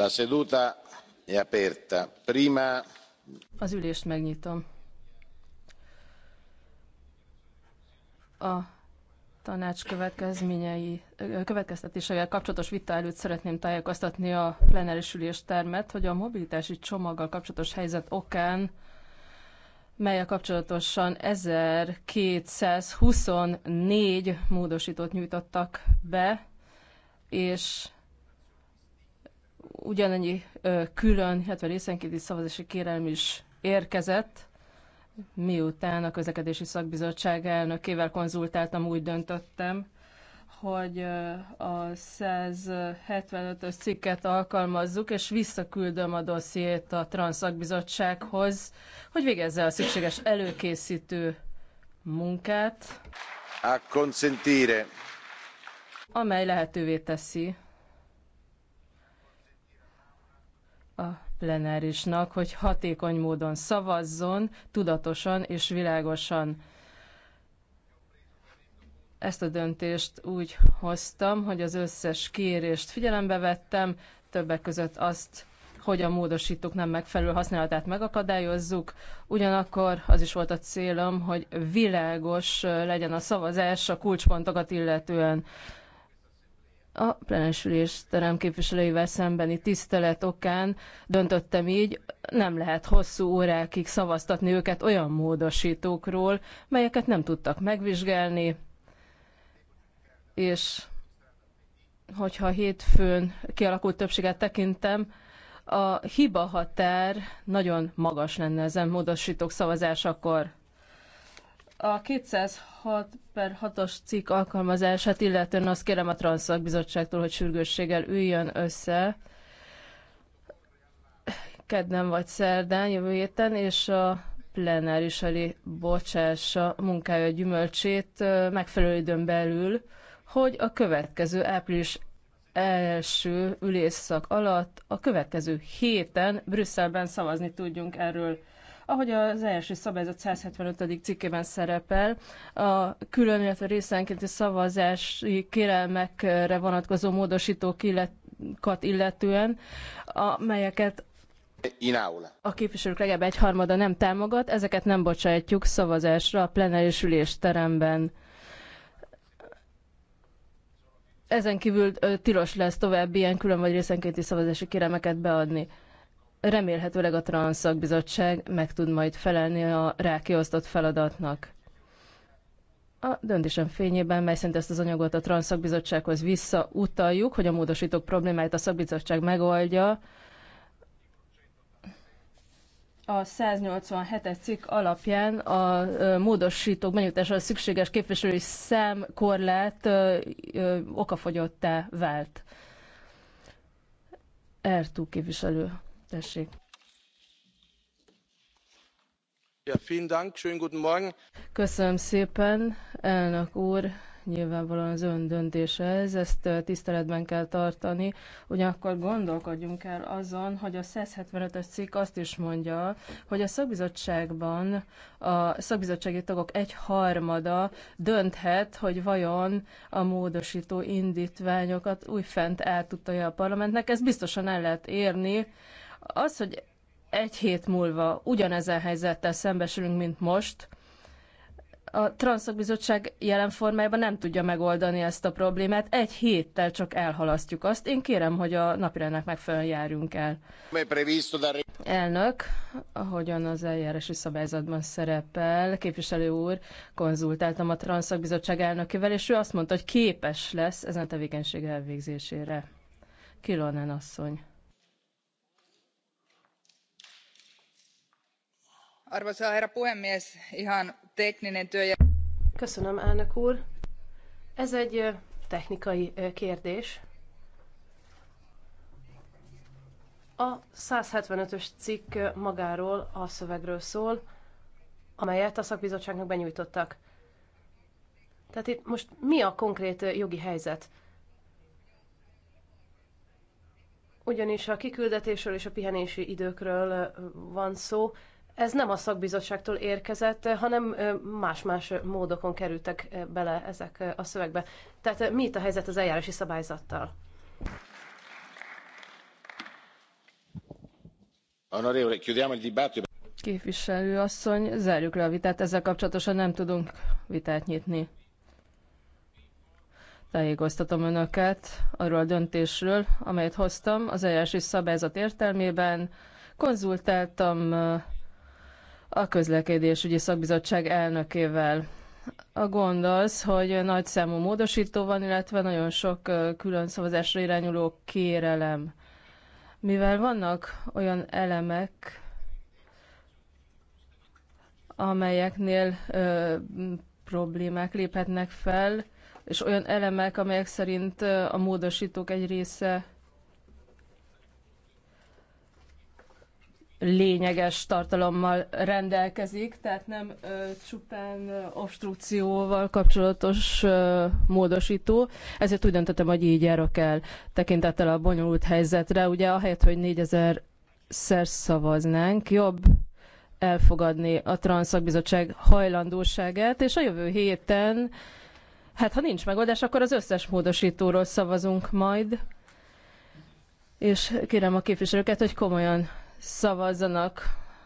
az ülést megnyitom. a tanács következtetéseivel kapcsolatos vita előtt szeretném tájékoztatni a plenáris üléstermet, hogy a mobilitási csomaggal kapcsolatos helyzet okán melyel kapcsolatosan 1224 módosítót nyújtottak be, és ugyanennyi külön, illetve részenkéti szavazási kérelm is érkezett, miután a közlekedési szakbizottság elnökével konzultáltam, úgy döntöttem, hogy a 175-ös cikket alkalmazzuk, és visszaküldöm a dossziét a Transzakbizottsághoz, hogy végezze a szükséges előkészítő munkát. A consentire. Amely lehetővé teszi a plenárisnak, hogy hatékony módon szavazzon, tudatosan és világosan. Ezt a döntést úgy hoztam, hogy az összes kérést figyelembe vettem, többek között azt, hogy a módosítók nem megfelelő használatát megakadályozzuk. Ugyanakkor az is volt a célom, hogy világos legyen a szavazás a kulcspontokat illetően a plenesülés terem képviselőivel szembeni tisztelet okán döntöttem így, nem lehet hosszú órákig szavaztatni őket olyan módosítókról, melyeket nem tudtak megvizsgálni, és hogyha hétfőn kialakult többséget tekintem, a hiba határ nagyon magas lenne ezen módosítók szavazásakor. A 206 per 6-os cikk alkalmazását illetően azt kérem a Transzak Bizottságtól, hogy sürgősséggel üljön össze kedden vagy szerdán jövő héten, és a plenáris elé bocsássa munkája gyümölcsét megfelelő időn belül, hogy a következő április első ülésszak alatt a következő héten Brüsszelben szavazni tudjunk erről ahogy az első szabályzat 175. cikkében szerepel, a külön, illetve részenkénti szavazási kérelmekre vonatkozó módosítók illetkat illetően, amelyeket a képviselők legalább egyharmada nem támogat, ezeket nem bocsátjuk szavazásra a plenáris teremben. Ezen kívül tilos lesz további ilyen külön vagy részenkénti szavazási kérelmeket beadni remélhetőleg a Transzakbizottság meg tud majd felelni a rákiosztott feladatnak. A döntésem fényében, mely szerint ezt az anyagot a Transzakbizottsághoz visszautaljuk, hogy a módosítók problémáit a szakbizottság megoldja, a 187-es cikk alapján a módosítók a szükséges képviselői számkorlát okafogyottá vált. Ertú képviselő. Tessék. Ja, vielen Dank, schönen guten Morgen. Köszönöm szépen, elnök úr, nyilvánvalóan az ön döntése ez, ezt tiszteletben kell tartani. Ugyanakkor gondolkodjunk el azon, hogy a 175-ös cikk azt is mondja, hogy a szakbizottságban a szakbizottsági tagok egy harmada dönthet, hogy vajon a módosító indítványokat újfent el tudta a parlamentnek. Ez biztosan el lehet érni, az, hogy egy hét múlva ugyanezen helyzettel szembesülünk, mint most, a Transzakbizottság jelen formájában nem tudja megoldani ezt a problémát. Egy héttel csak elhalasztjuk azt. Én kérem, hogy a napirendnek megfelelően járjunk el. Elnök, ahogyan az eljárási szabályzatban szerepel, képviselő úr, konzultáltam a Transzakbizottság elnökével, és ő azt mondta, hogy képes lesz ezen a tevékenység elvégzésére. Kilonen asszony. arvoisa herra puhemies ihan tekninen työ. Köszönöm, elnök úr. Ez egy technikai kérdés. A 175-ös cikk magáról a szövegről szól, amelyet a szakbizottságnak benyújtottak. Tehát itt most mi a konkrét jogi helyzet? Ugyanis a kiküldetésről és a pihenési időkről van szó, ez nem a szakbizottságtól érkezett, hanem más-más módokon kerültek bele ezek a szövegbe. Tehát mi itt a helyzet az eljárási szabályzattal? Képviselő asszony, zárjuk le a vitát, ezzel kapcsolatosan nem tudunk vitát nyitni. Tájékoztatom Önöket arról a döntésről, amelyet hoztam az eljárási szabályzat értelmében. Konzultáltam a közlekedésügyi szakbizottság elnökével. A gond az, hogy nagy számú módosító van, illetve nagyon sok külön szavazásra irányuló kérelem. Mivel vannak olyan elemek, amelyeknél ö, problémák léphetnek fel, és olyan elemek, amelyek szerint a módosítók egy része lényeges tartalommal rendelkezik, tehát nem ö, csupán obstrukcióval kapcsolatos ö, módosító, ezért úgy döntöttem, hogy így járok el tekintettel a bonyolult helyzetre. Ugye ahelyett, hogy 4000 szer szavaznánk, jobb elfogadni a Transzakbizottság hajlandóságát, és a jövő héten, hát ha nincs megoldás, akkor az összes módosítóról szavazunk majd. És kérem a képviselőket, hogy komolyan szavazzanak.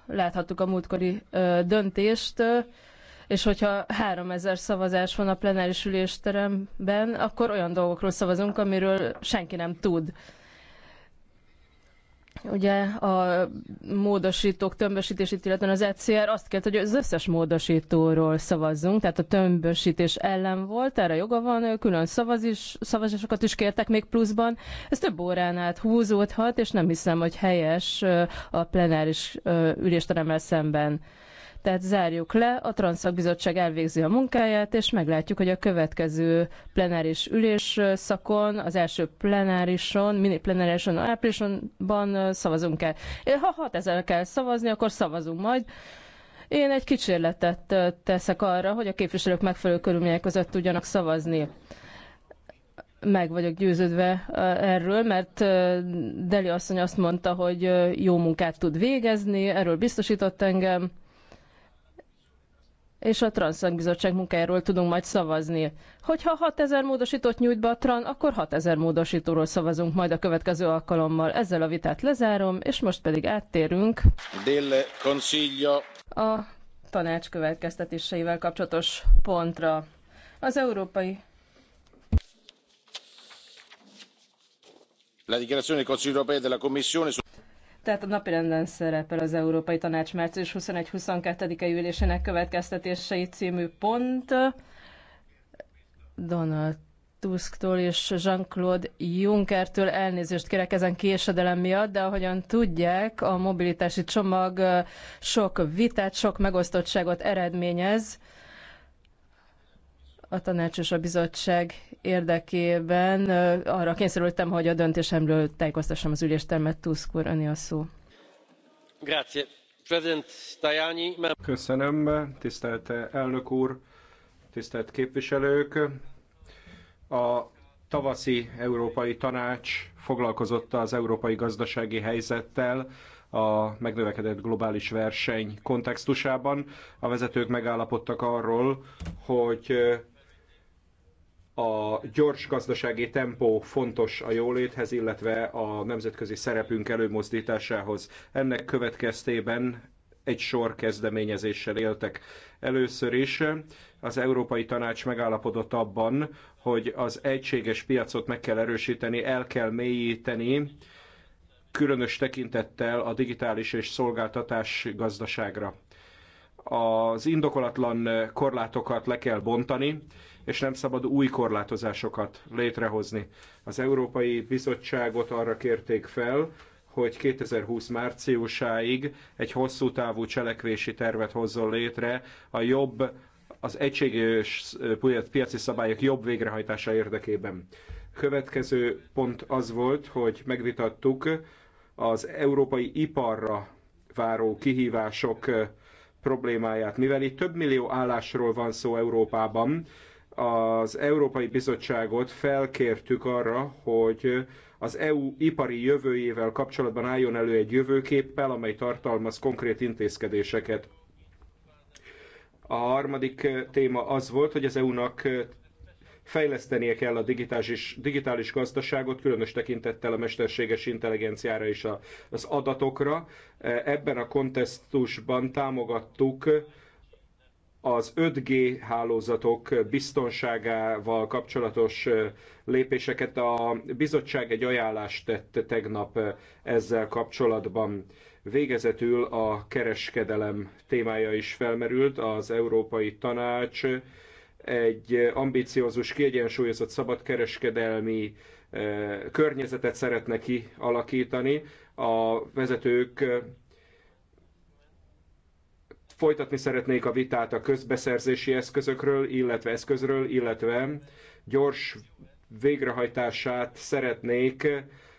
Láthattuk a múltkori döntést, és hogyha 3000 szavazás van a plenáris ülésteremben, akkor olyan dolgokról szavazunk, amiről senki nem tud. Ugye a módosítók tömbösítését, illetve az ECR azt kérte, hogy az összes módosítóról szavazzunk, tehát a tömbösítés ellen volt, erre joga van, külön szavazis, szavazásokat is kértek még pluszban. Ez több órán át húzódhat, és nem hiszem, hogy helyes a plenáris ülésteremmel szemben. Tehát zárjuk le, a Transzakbizottság elvégzi a munkáját, és meglátjuk, hogy a következő plenáris ülés szakon, az első plenárison, mini plenárison, áprilisonban szavazunk-e. Ha 6000 kell szavazni, akkor szavazunk majd. Én egy kísérletet teszek arra, hogy a képviselők megfelelő körülmények között tudjanak szavazni meg vagyok győződve erről, mert Deli asszony azt mondta, hogy jó munkát tud végezni, erről biztosított engem és a Transzak munkájáról tudunk majd szavazni. Hogyha 6000 módosítót nyújt be a TRAN, akkor 6000 módosítóról szavazunk majd a következő alkalommal. Ezzel a vitát lezárom, és most pedig áttérünk Del Consiglio. a tanács következtetéseivel kapcsolatos pontra. Az európai La dichiarazione del Consiglio europeo e della Commissione tehát a napirenden szerepel az Európai Tanács március 21-22-e ülésének következtetései című pont. Donald Tusktól és Jean-Claude Junckertől elnézést kérek ezen késedelem miatt, de ahogyan tudják, a mobilitási csomag sok vitát, sok megosztottságot eredményez a tanács és a bizottság érdekében. Arra kényszerültem, hogy a döntésemről tájékoztassam az üléstermet. Tusk úr, a szó. Grazie. President Tajani. Köszönöm, tisztelt elnök úr, tisztelt képviselők. A tavaszi Európai Tanács foglalkozott az európai gazdasági helyzettel, a megnövekedett globális verseny kontextusában. A vezetők megállapodtak arról, hogy a gyors gazdasági tempó fontos a jóléthez, illetve a nemzetközi szerepünk előmozdításához. Ennek következtében egy sor kezdeményezéssel éltek. Először is az Európai Tanács megállapodott abban, hogy az egységes piacot meg kell erősíteni, el kell mélyíteni, különös tekintettel a digitális és szolgáltatás gazdaságra. Az indokolatlan korlátokat le kell bontani, és nem szabad új korlátozásokat létrehozni. Az Európai Bizottságot arra kérték fel, hogy 2020 márciusáig egy hosszú távú cselekvési tervet hozzon létre a jobb, az egységes piaci szabályok jobb végrehajtása érdekében. Következő pont az volt, hogy megvitattuk az európai iparra váró kihívások problémáját, mivel itt több millió állásról van szó Európában, az Európai Bizottságot felkértük arra, hogy az EU ipari jövőjével kapcsolatban álljon elő egy jövőképpel, amely tartalmaz konkrét intézkedéseket. A harmadik téma az volt, hogy az EU-nak fejlesztenie kell a digitális, digitális gazdaságot, különös tekintettel a mesterséges intelligenciára és a, az adatokra. Ebben a kontextusban támogattuk az 5G hálózatok biztonságával kapcsolatos lépéseket. A bizottság egy ajánlást tett tegnap ezzel kapcsolatban. Végezetül a kereskedelem témája is felmerült, az Európai Tanács egy ambiciózus, kiegyensúlyozott szabadkereskedelmi környezetet szeretne kialakítani. A vezetők Folytatni szeretnék a vitát a közbeszerzési eszközökről, illetve eszközről, illetve gyors végrehajtását szeretnék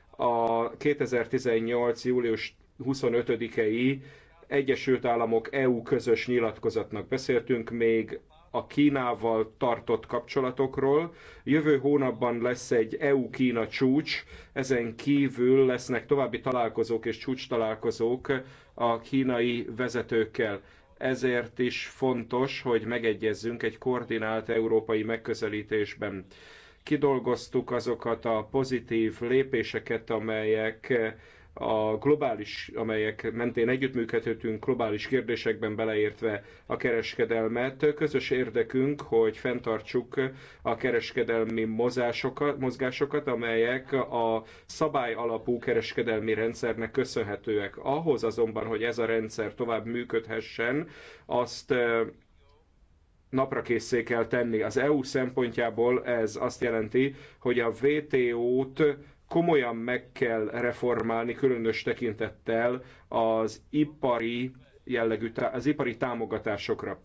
a 2018. július 25-i Egyesült Államok EU közös nyilatkozatnak beszéltünk még a Kínával tartott kapcsolatokról. Jövő hónapban lesz egy EU-Kína csúcs, ezen kívül lesznek további találkozók és csúcs találkozók a kínai vezetőkkel ezért is fontos, hogy megegyezzünk egy koordinált európai megközelítésben. Kidolgoztuk azokat a pozitív lépéseket, amelyek a globális, amelyek mentén együttműködhetünk globális kérdésekben beleértve a kereskedelmet. Közös érdekünk, hogy fenntartsuk a kereskedelmi mozásokat, mozgásokat, amelyek a szabály alapú kereskedelmi rendszernek köszönhetőek. Ahhoz azonban, hogy ez a rendszer tovább működhessen, azt napra készé kell tenni. Az EU szempontjából ez azt jelenti, hogy a WTO-t komolyan meg kell reformálni, különös tekintettel az ipari jellegű, az ipari támogatásokra.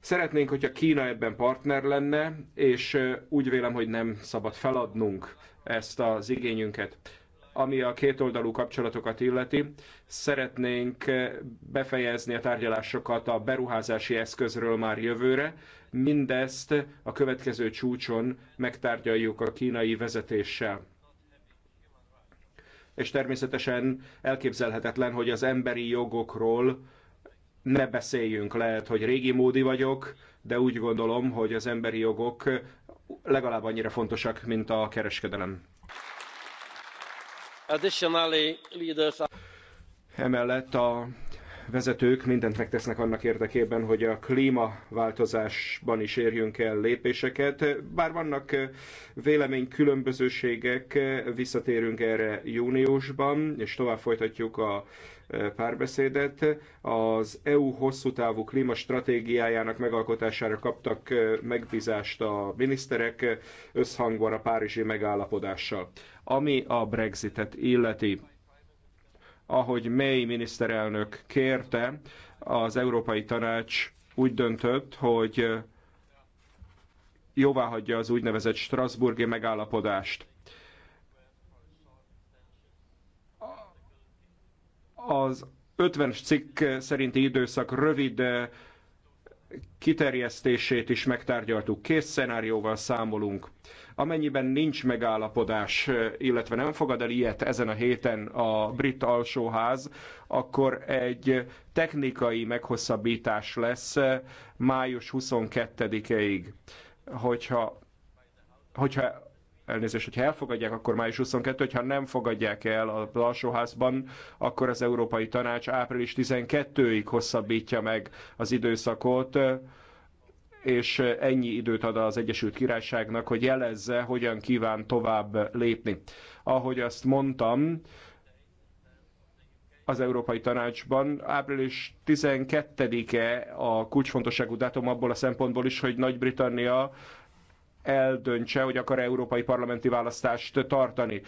Szeretnénk, hogyha Kína ebben partner lenne, és úgy vélem, hogy nem szabad feladnunk ezt az igényünket. Ami a kétoldalú kapcsolatokat illeti, szeretnénk befejezni a tárgyalásokat a beruházási eszközről már jövőre. Mindezt a következő csúcson megtárgyaljuk a kínai vezetéssel és természetesen elképzelhetetlen, hogy az emberi jogokról ne beszéljünk. Lehet, hogy régi módi vagyok, de úgy gondolom, hogy az emberi jogok legalább annyira fontosak, mint a kereskedelem. Emellett a vezetők mindent megtesznek annak érdekében, hogy a klímaváltozásban is érjünk el lépéseket. Bár vannak eh, vélemény különbözőségek, eh, visszatérünk erre júniusban, és tovább folytatjuk a eh, párbeszédet. Az EU hosszú távú klímastratégiájának megalkotására kaptak megbízást a miniszterek összhangban a párizsi megállapodással. Ami a Brexitet illeti, ahogy May miniszterelnök kérte, az Európai Tanács úgy döntött, hogy jóváhagyja az úgynevezett Strasburgi megállapodást. Az 50 cikk szerinti időszak rövid kiterjesztését is megtárgyaltuk. Kész szenárióval számolunk. Amennyiben nincs megállapodás, eh, illetve nem fogad el ilyet ezen a héten a brit alsóház, akkor egy technikai meghosszabbítás lesz eh, május 22-ig. Hogyha, hogyha elnézést, hogyha elfogadják, akkor május 22, hogyha nem fogadják el a alsóházban, akkor az Európai Tanács április 12-ig hosszabbítja meg az időszakot. Eh, és ennyi időt ad az Egyesült Királyságnak, hogy jelezze, hogyan kíván tovább lépni. Ahogy azt mondtam, az Európai Tanácsban. Április 12-e a kulcsfontosságú dátum abból a szempontból is, hogy Nagy-Britannia eldöntse, hogy akar -e európai parlamenti választást tartani.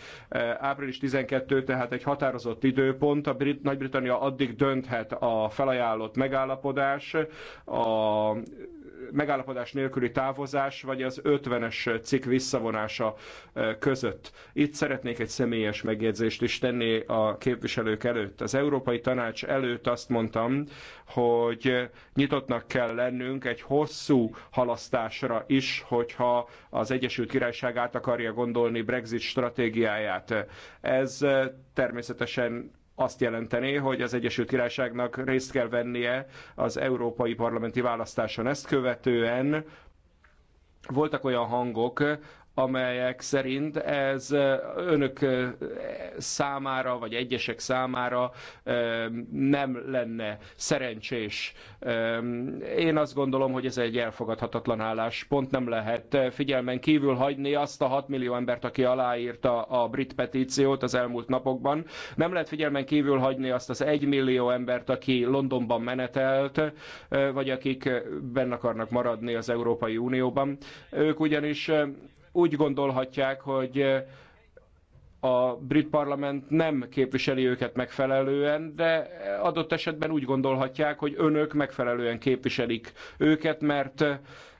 Április 12 tehát egy határozott időpont, a Brit, Nagy-Britannia addig dönthet a felajánlott megállapodás, a megállapodás nélküli távozás, vagy az 50-es cikk visszavonása között. Itt szeretnék egy személyes megjegyzést is tenni a képviselők előtt. Az Európai Tanács előtt azt mondtam, hogy nyitottnak kell lennünk egy hosszú halasztásra is, hogyha az Egyesült Királyság át akarja gondolni Brexit stratégiáját. Ez természetesen azt jelentené, hogy az Egyesült Királyságnak részt kell vennie az európai parlamenti választáson. Ezt követően voltak olyan hangok, amelyek szerint ez önök számára, vagy egyesek számára nem lenne szerencsés. Én azt gondolom, hogy ez egy elfogadhatatlan Pont nem lehet figyelmen kívül hagyni azt a 6 millió embert, aki aláírta a brit petíciót az elmúlt napokban. Nem lehet figyelmen kívül hagyni azt az 1 millió embert, aki Londonban menetelt, vagy akik benne akarnak maradni az Európai Unióban. Ők ugyanis úgy gondolhatják, hogy a brit parlament nem képviseli őket megfelelően, de adott esetben úgy gondolhatják, hogy önök megfelelően képviselik őket, mert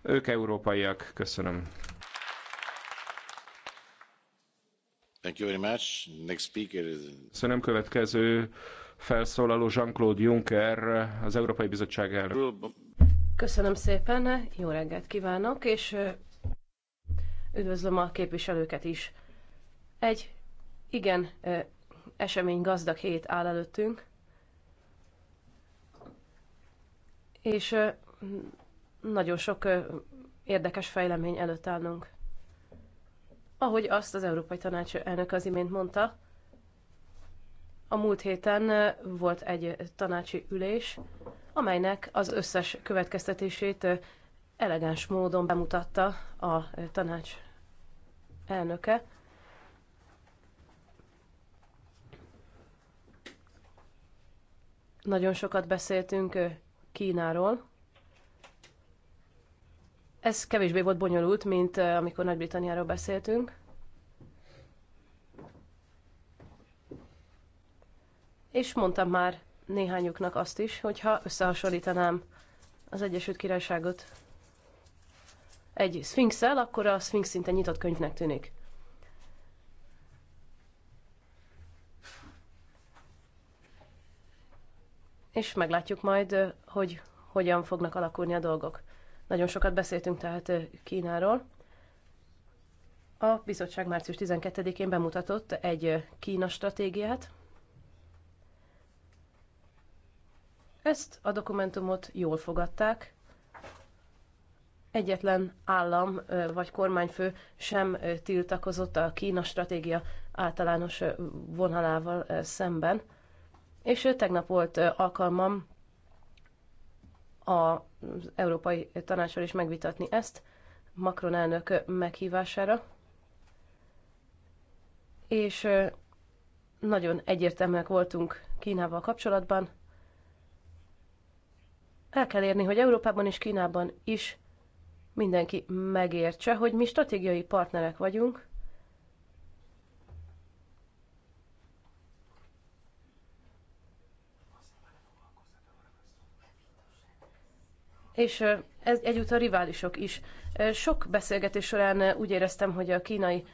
ők európaiak. Köszönöm. Thank you very much. Next speaker is... Köszönöm következő felszólaló Jean-Claude Juncker, az Európai Bizottság elnök. Köszönöm szépen, jó reggelt kívánok, és üdvözlöm a képviselőket is. Egy igen esemény gazdag hét áll előttünk, és nagyon sok érdekes fejlemény előtt állunk. Ahogy azt az Európai Tanács elnök az imént mondta, a múlt héten volt egy tanácsi ülés, amelynek az összes következtetését elegáns módon bemutatta a tanács elnöke. Nagyon sokat beszéltünk Kínáról. Ez kevésbé volt bonyolult, mint amikor Nagy-Britanniáról beszéltünk. És mondtam már néhányuknak azt is, hogyha összehasonlítanám az Egyesült Királyságot egy szfinxel, akkor a szfinx szinte nyitott könyvnek tűnik. és meglátjuk majd, hogy hogyan fognak alakulni a dolgok. Nagyon sokat beszéltünk tehát Kínáról. A bizottság március 12-én bemutatott egy Kína stratégiát. Ezt a dokumentumot jól fogadták. Egyetlen állam vagy kormányfő sem tiltakozott a Kína stratégia általános vonalával szemben és tegnap volt alkalmam az Európai Tanácsról is megvitatni ezt, Macron elnök meghívására. És nagyon egyértelműek voltunk Kínával kapcsolatban. El kell érni, hogy Európában és Kínában is mindenki megértse, hogy mi stratégiai partnerek vagyunk, és ez egyúttal riválisok is. Sok beszélgetés során úgy éreztem, hogy a kínai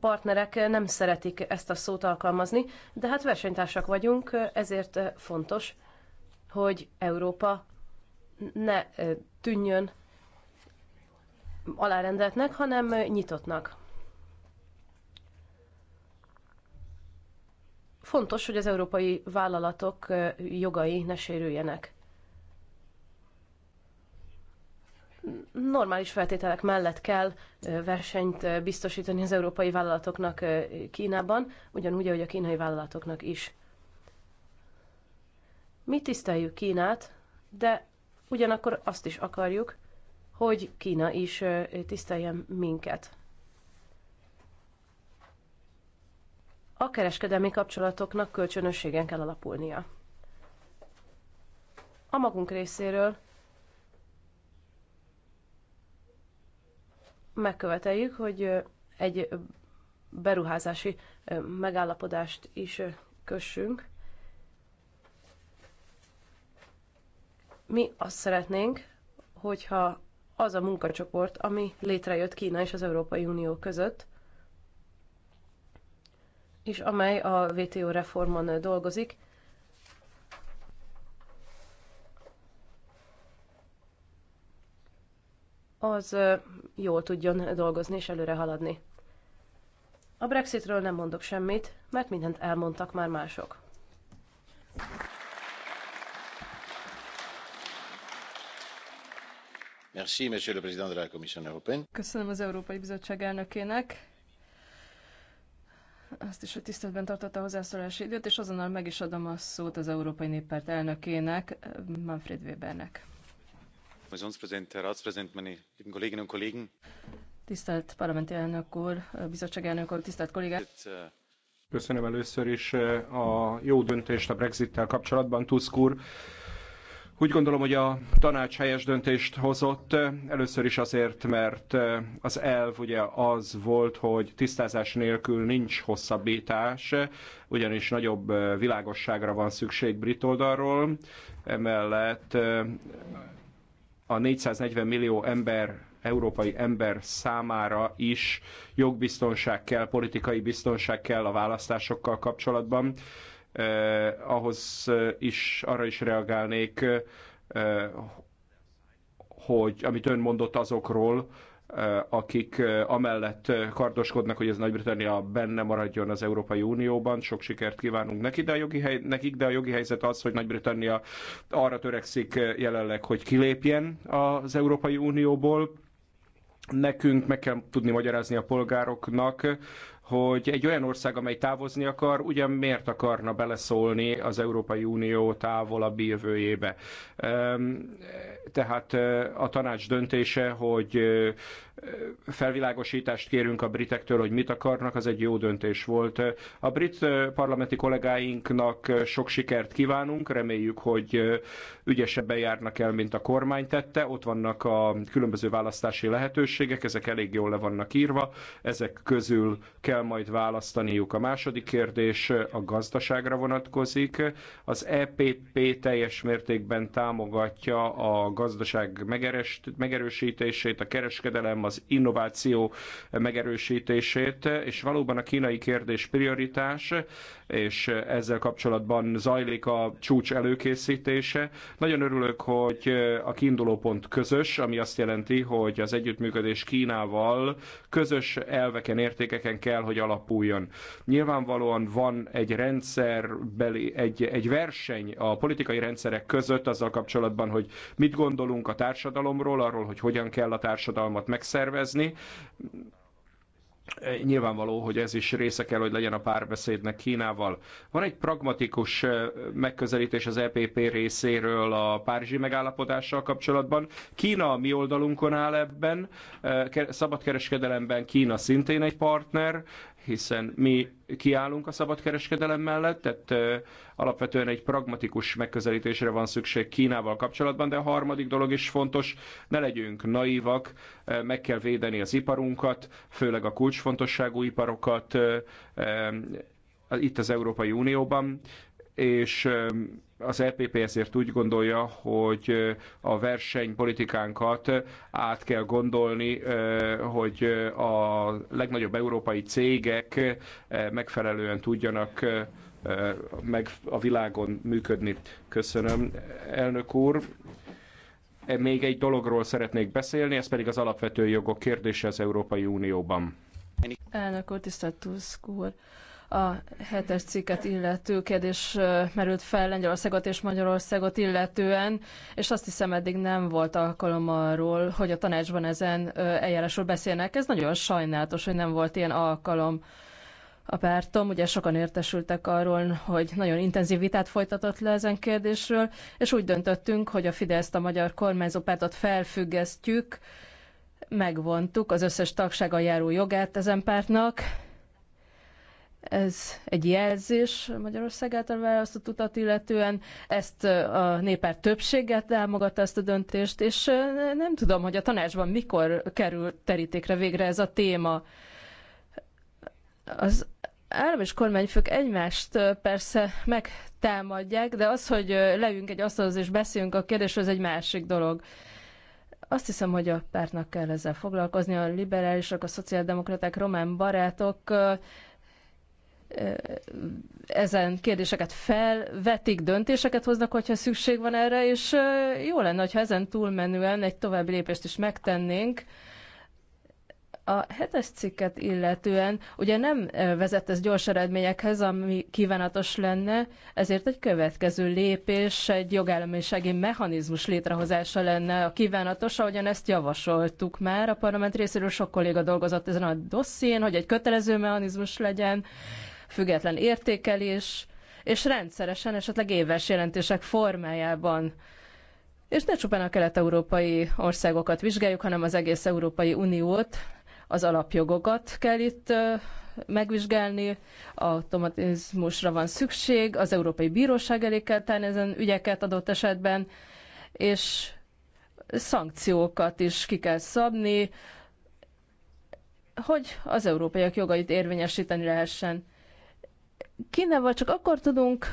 partnerek nem szeretik ezt a szót alkalmazni, de hát versenytársak vagyunk, ezért fontos, hogy Európa ne tűnjön alárendeltnek, hanem nyitottnak. Fontos, hogy az európai vállalatok jogai ne sérüljenek. normális feltételek mellett kell versenyt biztosítani az európai vállalatoknak Kínában, ugyanúgy, ahogy a kínai vállalatoknak is. Mi tiszteljük Kínát, de ugyanakkor azt is akarjuk, hogy Kína is tiszteljen minket. A kereskedelmi kapcsolatoknak kölcsönösségen kell alapulnia. A magunk részéről megköveteljük, hogy egy beruházási megállapodást is kössünk. Mi azt szeretnénk, hogyha az a munkacsoport, ami létrejött Kína és az Európai Unió között, és amely a WTO reformon dolgozik, az jól tudjon dolgozni és előre haladni. A Brexitről nem mondok semmit, mert mindent elmondtak már mások. Merci, monsieur le président de la Commission européenne. Köszönöm az Európai Bizottság elnökének. Azt is, hogy tiszteletben tartotta a hozzászólási időt, és azonnal meg is adom a szót az Európai Néppárt elnökének, Manfred Webernek. Kommissionspräsident, Herr Ratspräsident, meine lieben Kolleginnen und Kollegen! Tisztelt parlamenti elnök úr, bizottság elnök úr, tisztelt kollégák! Köszönöm először is eh, a jó döntést a Brexittel kapcsolatban, Tusk úr. Úgy gondolom, hogy a tanács helyes döntést hozott, eh, először is azért, mert eh, az elv ugye az volt, hogy tisztázás nélkül nincs hosszabbítás, ugyanis nagyobb világosságra van szükség brit oldalról, emellett a 440 millió ember, európai ember számára is jogbiztonság kell, politikai biztonság kell a választásokkal kapcsolatban. Eh, ahhoz is, arra is reagálnék, eh, hogy amit ön mondott azokról, Eh, akik eh, amellett eh, kardoskodnak, hogy ez Nagy-Britannia benne maradjon az Európai Unióban. Sok sikert kívánunk neki, de a jogi hely, nekik, de a jogi helyzet az, hogy Nagy-Britannia arra törekszik jelenleg, hogy kilépjen az Európai Unióból. Nekünk meg kell tudni magyarázni a polgároknak, hogy egy olyan ország, amely távozni akar, ugyan miért akarna beleszólni az Európai Unió távolabbi jövőjébe. Tehát a tanács döntése, hogy felvilágosítást kérünk a britektől, hogy mit akarnak, az egy jó döntés volt. A brit parlamenti kollégáinknak sok sikert kívánunk, reméljük, hogy ügyesebben járnak el, mint a kormány tette. Ott vannak a különböző választási lehetőségek, ezek elég jól le vannak írva, ezek közül kell majd választaniuk. A második kérdés a gazdaságra vonatkozik. Az EPP teljes mértékben támogatja a gazdaság megerősítését, a kereskedelem, hanem az innováció megerősítését, és valóban a kínai kérdés prioritás, és ezzel kapcsolatban zajlik a csúcs előkészítése. Nagyon örülök, hogy a kiinduló pont közös, ami azt jelenti, hogy az együttműködés Kínával közös elveken, értékeken kell, hogy alapuljon. Nyilvánvalóan van egy rendszerbeli, egy, egy verseny a politikai rendszerek között azzal kapcsolatban, hogy mit gondolunk a társadalomról, arról, hogy hogyan kell a társadalmat megszervezni, megszervezni. Nyilvánvaló, hogy ez is része kell, hogy legyen a párbeszédnek Kínával. Van egy pragmatikus eh, megközelítés az EPP részéről a párizsi megállapodással kapcsolatban. Kína a mi oldalunkon áll ebben, eh, szabadkereskedelemben Kína szintén egy partner, hiszen mi kiállunk a szabadkereskedelem mellett, tehát alapvetően egy pragmatikus megközelítésre van szükség Kínával kapcsolatban, de a harmadik dolog is fontos, ne legyünk naivak, meg kell védeni az iparunkat, főleg a kulcsfontosságú iparokat itt az Európai Unióban, és az EPP ezért úgy gondolja, hogy a versenypolitikánkat át kell gondolni, hogy a legnagyobb európai cégek megfelelően tudjanak meg a világon működni. Köszönöm, elnök úr. E, még egy dologról szeretnék beszélni, ez pedig az alapvető jogok kérdése az Európai Unióban. Elnök úr, tisztelt Tusk úr a hetes cikket illető kérdés merült fel Lengyelországot és Magyarországot illetően, és azt hiszem eddig nem volt alkalom arról, hogy a tanácsban ezen eljárásról beszélnek. Ez nagyon sajnálatos, hogy nem volt ilyen alkalom a pártom. Ugye sokan értesültek arról, hogy nagyon intenzív vitát folytatott le ezen kérdésről, és úgy döntöttünk, hogy a fidesz a magyar kormányzó pártot felfüggesztjük, megvontuk az összes tagsága járó jogát ezen pártnak, ez egy jelzés Magyarország által választott utat illetően. Ezt a néppárt többséget támogatta ezt a döntést, és nem tudom, hogy a tanácsban mikor kerül terítékre végre ez a téma. Az állam és kormányfők egymást persze megtámadják, de az, hogy leüljünk egy asztalhoz és beszéljünk a kérdésről, az egy másik dolog. Azt hiszem, hogy a pártnak kell ezzel foglalkozni, a liberálisok, a szociáldemokraták, román barátok ezen kérdéseket felvetik, döntéseket hoznak, hogyha szükség van erre, és jó lenne, ha ezen túlmenően egy további lépést is megtennénk. A hetes cikket illetően ugye nem vezet ez gyors eredményekhez, ami kívánatos lenne, ezért egy következő lépés, egy jogállamisági mechanizmus létrehozása lenne a kívánatos, ahogyan ezt javasoltuk már. A parlament részéről sok kolléga dolgozott ezen a dosszén, hogy egy kötelező mechanizmus legyen, független értékelés, és rendszeresen, esetleg éves jelentések formájában. És ne csupán a kelet-európai országokat vizsgáljuk, hanem az egész Európai Uniót, az alapjogokat kell itt megvizsgálni, automatizmusra van szükség, az Európai Bíróság elé kell tenni ezen ügyeket adott esetben, és szankciókat is ki kell szabni, hogy az európaiak jogait érvényesíteni lehessen. Kínával csak akkor tudunk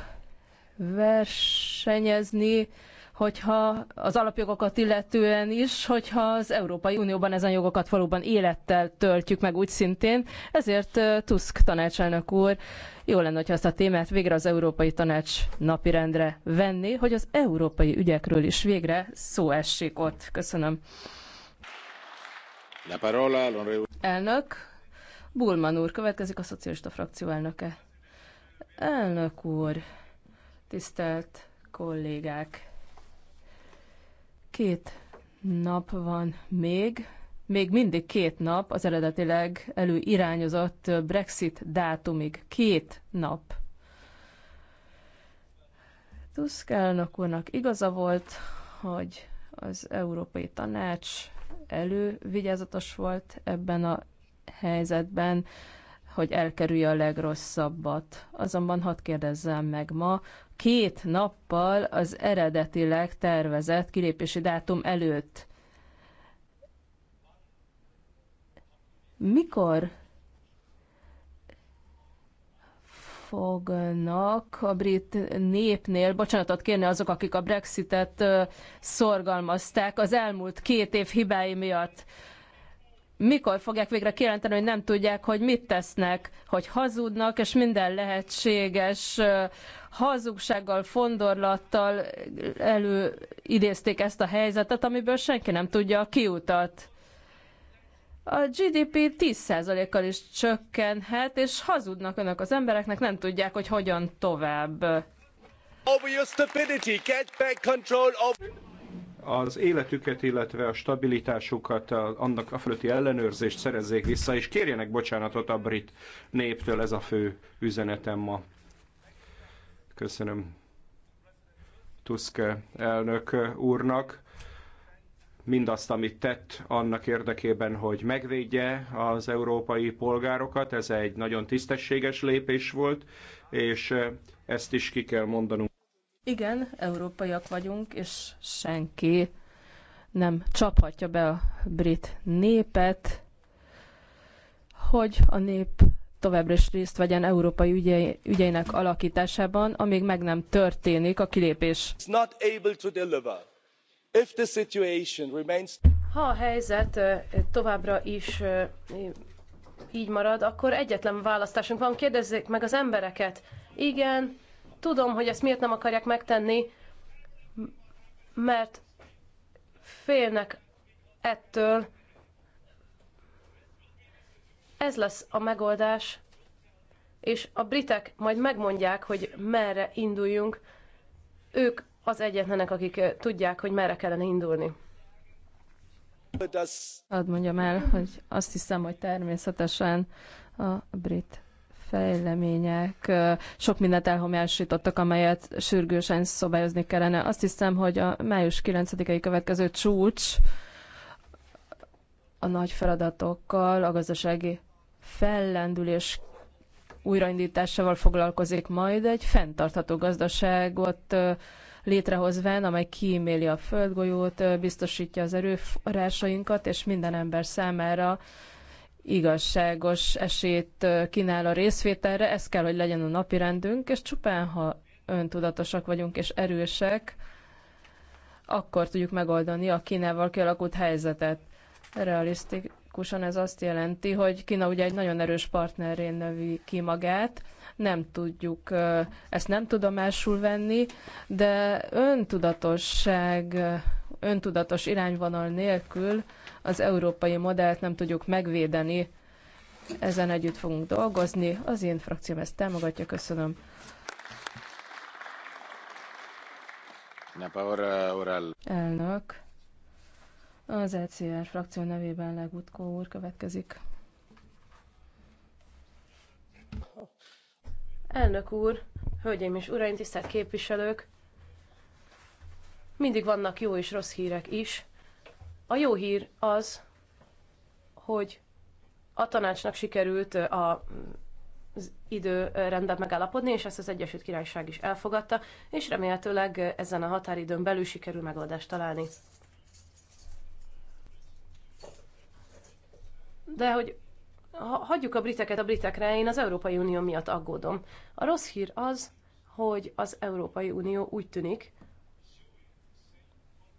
versenyezni, hogyha az alapjogokat illetően is, hogyha az Európai Unióban ezen jogokat valóban élettel töltjük meg úgy szintén. Ezért Tusk tanácselnök úr, jó lenne, hogyha ezt a témát végre az Európai Tanács napirendre venni, hogy az európai ügyekről is végre szó essék ott. Köszönöm. La parola, Elnök, Bulman úr következik a szocialista frakció elnöke. Elnök úr, tisztelt kollégák! Két nap van még, még mindig két nap az eredetileg előirányozott Brexit dátumig. Két nap. Tusk elnök úrnak igaza volt, hogy az Európai Tanács elővigyázatos volt ebben a helyzetben hogy elkerülje a legrosszabbat. Azonban hadd kérdezzem meg ma, két nappal az eredetileg tervezett kilépési dátum előtt. Mikor fognak a brit népnél bocsánatot kérni azok, akik a Brexitet szorgalmazták az elmúlt két év hibái miatt? mikor fogják végre kijelenteni, hogy nem tudják, hogy mit tesznek, hogy hazudnak, és minden lehetséges hazugsággal, fondorlattal előidézték ezt a helyzetet, amiből senki nem tudja a kiutat. A GDP 10%-kal is csökkenhet, és hazudnak önök az embereknek, nem tudják, hogy hogyan tovább. Over your get back control of az életüket, illetve a stabilitásukat, annak a fölötti ellenőrzést szerezzék vissza, és kérjenek bocsánatot a brit néptől, ez a fő üzenetem ma. Köszönöm Tusk elnök úrnak mindazt, amit tett annak érdekében, hogy megvédje az európai polgárokat. Ez egy nagyon tisztességes lépés volt, és eh, ezt is ki kell mondanunk. Igen, európaiak vagyunk, és senki nem csaphatja be a brit népet, hogy a nép továbbra is részt vegyen európai ügyei, ügyeinek alakításában, amíg meg nem történik a kilépés. Ha a helyzet továbbra is így marad, akkor egyetlen választásunk van, kérdezzék meg az embereket. Igen, Tudom, hogy ezt miért nem akarják megtenni, mert félnek ettől. Ez lesz a megoldás, és a britek majd megmondják, hogy merre induljunk. Ők az egyetlenek, akik tudják, hogy merre kellene indulni. Hadd mondjam el, hogy azt hiszem, hogy természetesen a brit fejlemények sok mindent elhomályosítottak, amelyet sürgősen szabályozni kellene. Azt hiszem, hogy a május 9-i következő csúcs a nagy feladatokkal, a gazdasági fellendülés újraindításával foglalkozik majd egy fenntartható gazdaságot létrehozván, amely kíméli a földgolyót, biztosítja az erőforrásainkat, és minden ember számára igazságos esélyt kínál a részvételre, ez kell, hogy legyen a napirendünk, és csupán, ha öntudatosak vagyunk és erősek, akkor tudjuk megoldani a Kínával kialakult helyzetet. Realisztikusan ez azt jelenti, hogy Kína ugye egy nagyon erős partnerén növi ki magát, nem tudjuk ezt nem tudomásul venni, de öntudatosság, öntudatos irányvonal nélkül az európai modellt nem tudjuk megvédeni. Ezen együtt fogunk dolgozni. Az én frakcióm ezt támogatja. Köszönöm. Elnök. Az ECR frakció nevében Legutkó úr következik. Elnök úr, hölgyeim és uraim, tisztelt képviselők! Mindig vannak jó és rossz hírek is, a jó hír az, hogy a tanácsnak sikerült a az időrendben megállapodni, és ezt az Egyesült Királyság is elfogadta, és remélhetőleg ezen a határidőn belül sikerül megoldást találni. De hogy ha hagyjuk a briteket a britekre, én az Európai Unió miatt aggódom. A rossz hír az, hogy az Európai Unió úgy tűnik,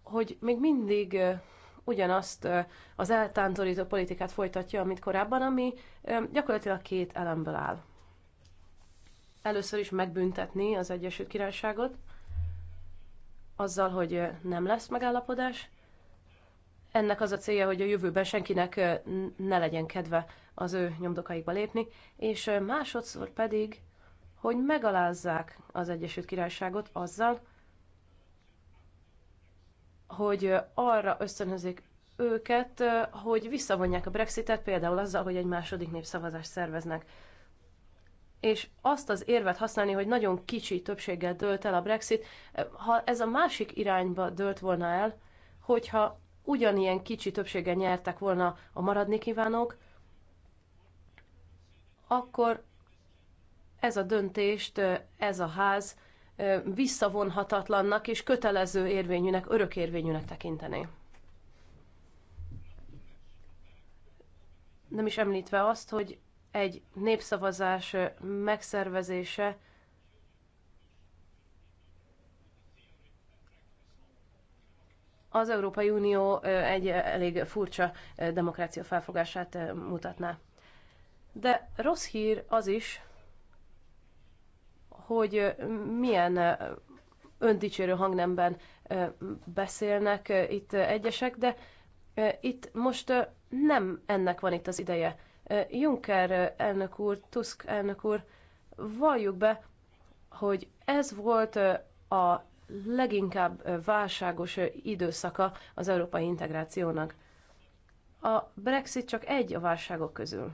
hogy még mindig ugyanazt az eltántorító politikát folytatja, amit korábban, ami gyakorlatilag két elemből áll. Először is megbüntetni az Egyesült Királyságot, azzal, hogy nem lesz megállapodás. Ennek az a célja, hogy a jövőben senkinek ne legyen kedve az ő nyomdokaikba lépni, és másodszor pedig, hogy megalázzák az Egyesült Királyságot azzal, hogy arra ösztönözik őket, hogy visszavonják a Brexitet, például azzal, hogy egy második népszavazást szerveznek. És azt az érvet használni, hogy nagyon kicsi többséggel dölt el a Brexit, ha ez a másik irányba dölt volna el, hogyha ugyanilyen kicsi többséggel nyertek volna a maradni kívánók, akkor ez a döntést ez a ház visszavonhatatlannak és kötelező érvényűnek, örökérvényűnek tekinteni. Nem is említve azt, hogy egy népszavazás megszervezése az Európai Unió egy elég furcsa demokrácia felfogását mutatná. De rossz hír az is, hogy milyen öndicsérő hangnemben beszélnek itt egyesek, de itt most nem ennek van itt az ideje. Juncker elnök úr, Tusk elnök úr, valljuk be, hogy ez volt a leginkább válságos időszaka az európai integrációnak. A Brexit csak egy a válságok közül.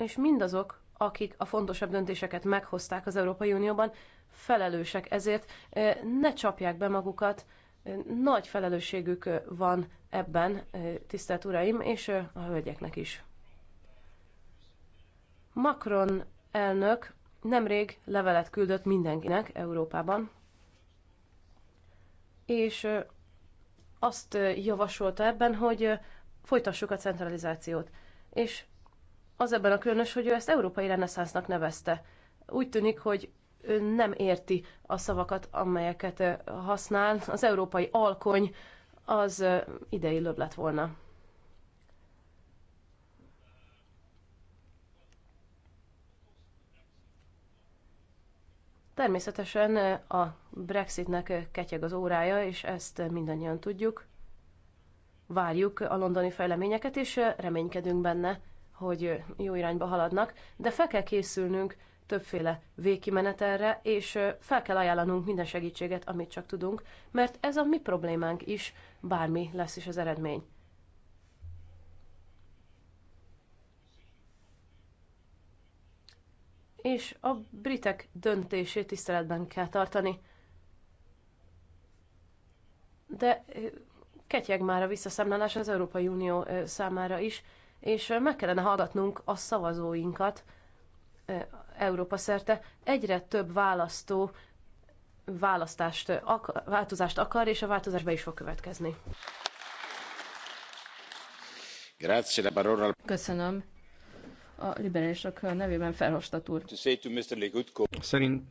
és mindazok, akik a fontosabb döntéseket meghozták az Európai Unióban, felelősek ezért, ne csapják be magukat, nagy felelősségük van ebben, tisztelt Uraim, és a hölgyeknek is. Macron elnök nemrég levelet küldött mindenkinek Európában, és azt javasolta ebben, hogy folytassuk a centralizációt. És az ebben a különös, hogy ő ezt európai reneszánsznak nevezte. Úgy tűnik, hogy ő nem érti a szavakat, amelyeket használ. Az európai alkony az ideillőbb lett volna. Természetesen a Brexitnek ketyeg az órája, és ezt mindannyian tudjuk. Várjuk a londoni fejleményeket, és reménykedünk benne hogy jó irányba haladnak, de fel kell készülnünk többféle erre, és fel kell ajánlanunk minden segítséget, amit csak tudunk, mert ez a mi problémánk is, bármi lesz is az eredmény. És a britek döntését tiszteletben kell tartani. De ketyeg már a visszaszámlálás az Európai Unió számára is, és meg kellene hallgatnunk a szavazóinkat Európa szerte. Egyre több választó választást, változást akar, és a változás be is fog következni. Köszönöm. A liberálisok nevében Ferhostat úr. Szerint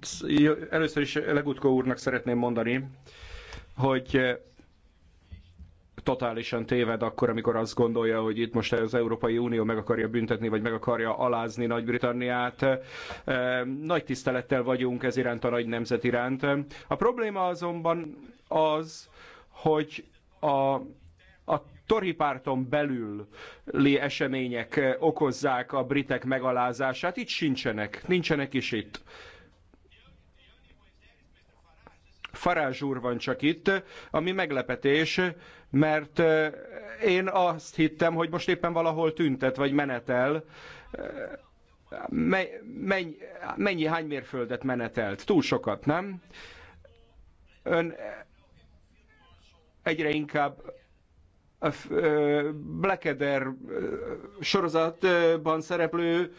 először is Legutko úrnak szeretném mondani, hogy totálisan téved akkor, amikor azt gondolja, hogy itt most az Európai Unió meg akarja büntetni, vagy meg akarja alázni Nagy-Britanniát. Nagy tisztelettel vagyunk ez iránt a nagy nemzet iránt. A probléma azonban az, hogy a, a Tori párton belüli események okozzák a britek megalázását. Itt sincsenek, nincsenek is itt. Farázs úr van csak itt, ami meglepetés, mert én azt hittem, hogy most éppen valahol tüntet vagy menetel. Mennyi, mennyi hány mérföldet menetelt? Túl sokat, nem? Ön egyre inkább a Blackadder sorozatban szereplő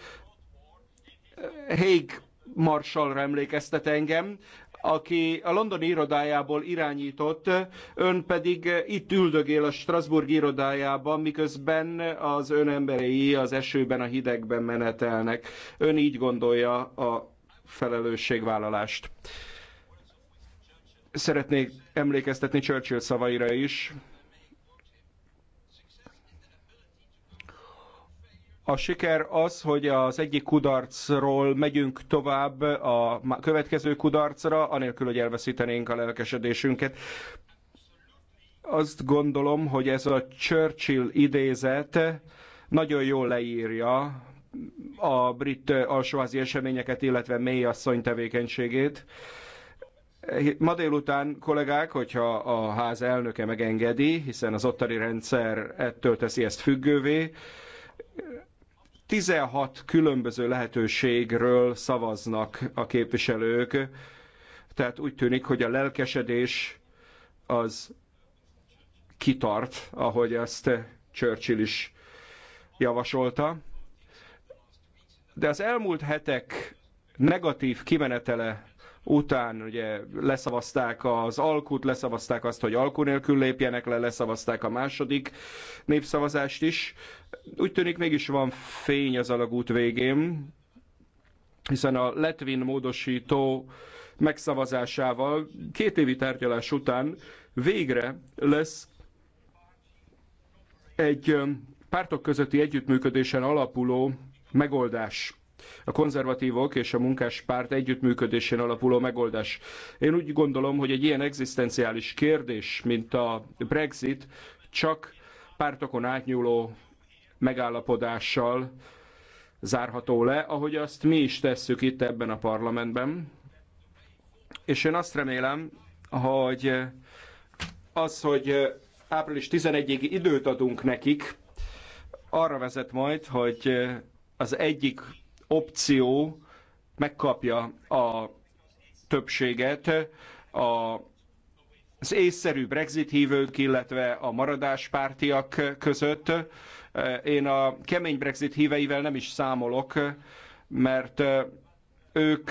Hague Marshallra emlékeztet engem, aki a londoni irodájából irányított, ön pedig itt üldögél a Strasbourg irodájában, miközben az ön emberei az esőben, a hidegben menetelnek. Ön így gondolja a felelősségvállalást. Szeretnék emlékeztetni Churchill szavaira is, A siker az, hogy az egyik kudarcról megyünk tovább a következő kudarcra, anélkül, hogy elveszítenénk a lelkesedésünket azt gondolom, hogy ez a Churchill idézet nagyon jól leírja a brit alsóházi eseményeket, illetve mély asszony tevékenységét. Ma délután, kollégák, hogyha a ház elnöke megengedi, hiszen az ottani rendszer ettől teszi ezt függővé, 16 különböző lehetőségről szavaznak a képviselők, tehát úgy tűnik, hogy a lelkesedés az kitart, ahogy ezt Churchill is javasolta. De az elmúlt hetek negatív kimenetele után ugye leszavazták az alkut, leszavazták azt, hogy alkú nélkül lépjenek le, leszavazták a második népszavazást is. Úgy tűnik mégis van fény az alagút végén, hiszen a letvin módosító megszavazásával két évi tárgyalás után végre lesz egy pártok közötti együttműködésen alapuló megoldás a konzervatívok és a munkáspárt együttműködésén alapuló megoldás. Én úgy gondolom, hogy egy ilyen egzisztenciális kérdés, mint a Brexit, csak pártokon átnyúló megállapodással zárható le, ahogy azt mi is tesszük itt ebben a parlamentben. És én azt remélem, hogy az, hogy április 11-ig időt adunk nekik, arra vezet majd, hogy az egyik opció megkapja a többséget a az észszerű Brexit hívők, illetve a maradáspártiak között. Én a kemény Brexit híveivel nem is számolok, mert ők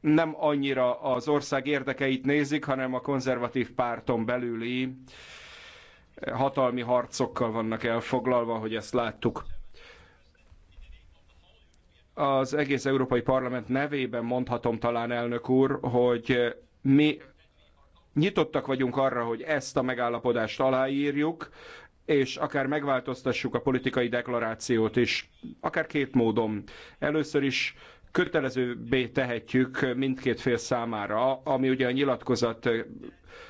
nem annyira az ország érdekeit nézik, hanem a konzervatív párton belüli hatalmi harcokkal vannak elfoglalva, hogy ezt láttuk az egész Európai Parlament nevében mondhatom talán, elnök úr, hogy mi nyitottak vagyunk arra, hogy ezt a megállapodást aláírjuk, és akár megváltoztassuk a politikai deklarációt is, akár két módon. Először is kötelezőbbé tehetjük mindkét fél számára, ami ugye a nyilatkozat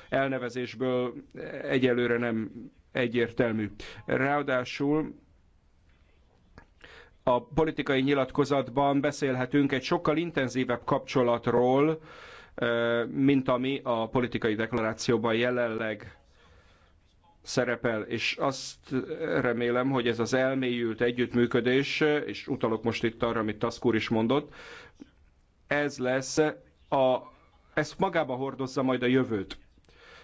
elnevezésből egyelőre nem egyértelmű. Ráadásul a politikai nyilatkozatban beszélhetünk egy sokkal intenzívebb kapcsolatról, mint ami a politikai deklarációban jelenleg szerepel, és azt remélem, hogy ez az elmélyült együttműködés, és utalok most itt arra, amit Tusk úr is mondott, ez lesz a, ezt magába hordozza majd a jövőt.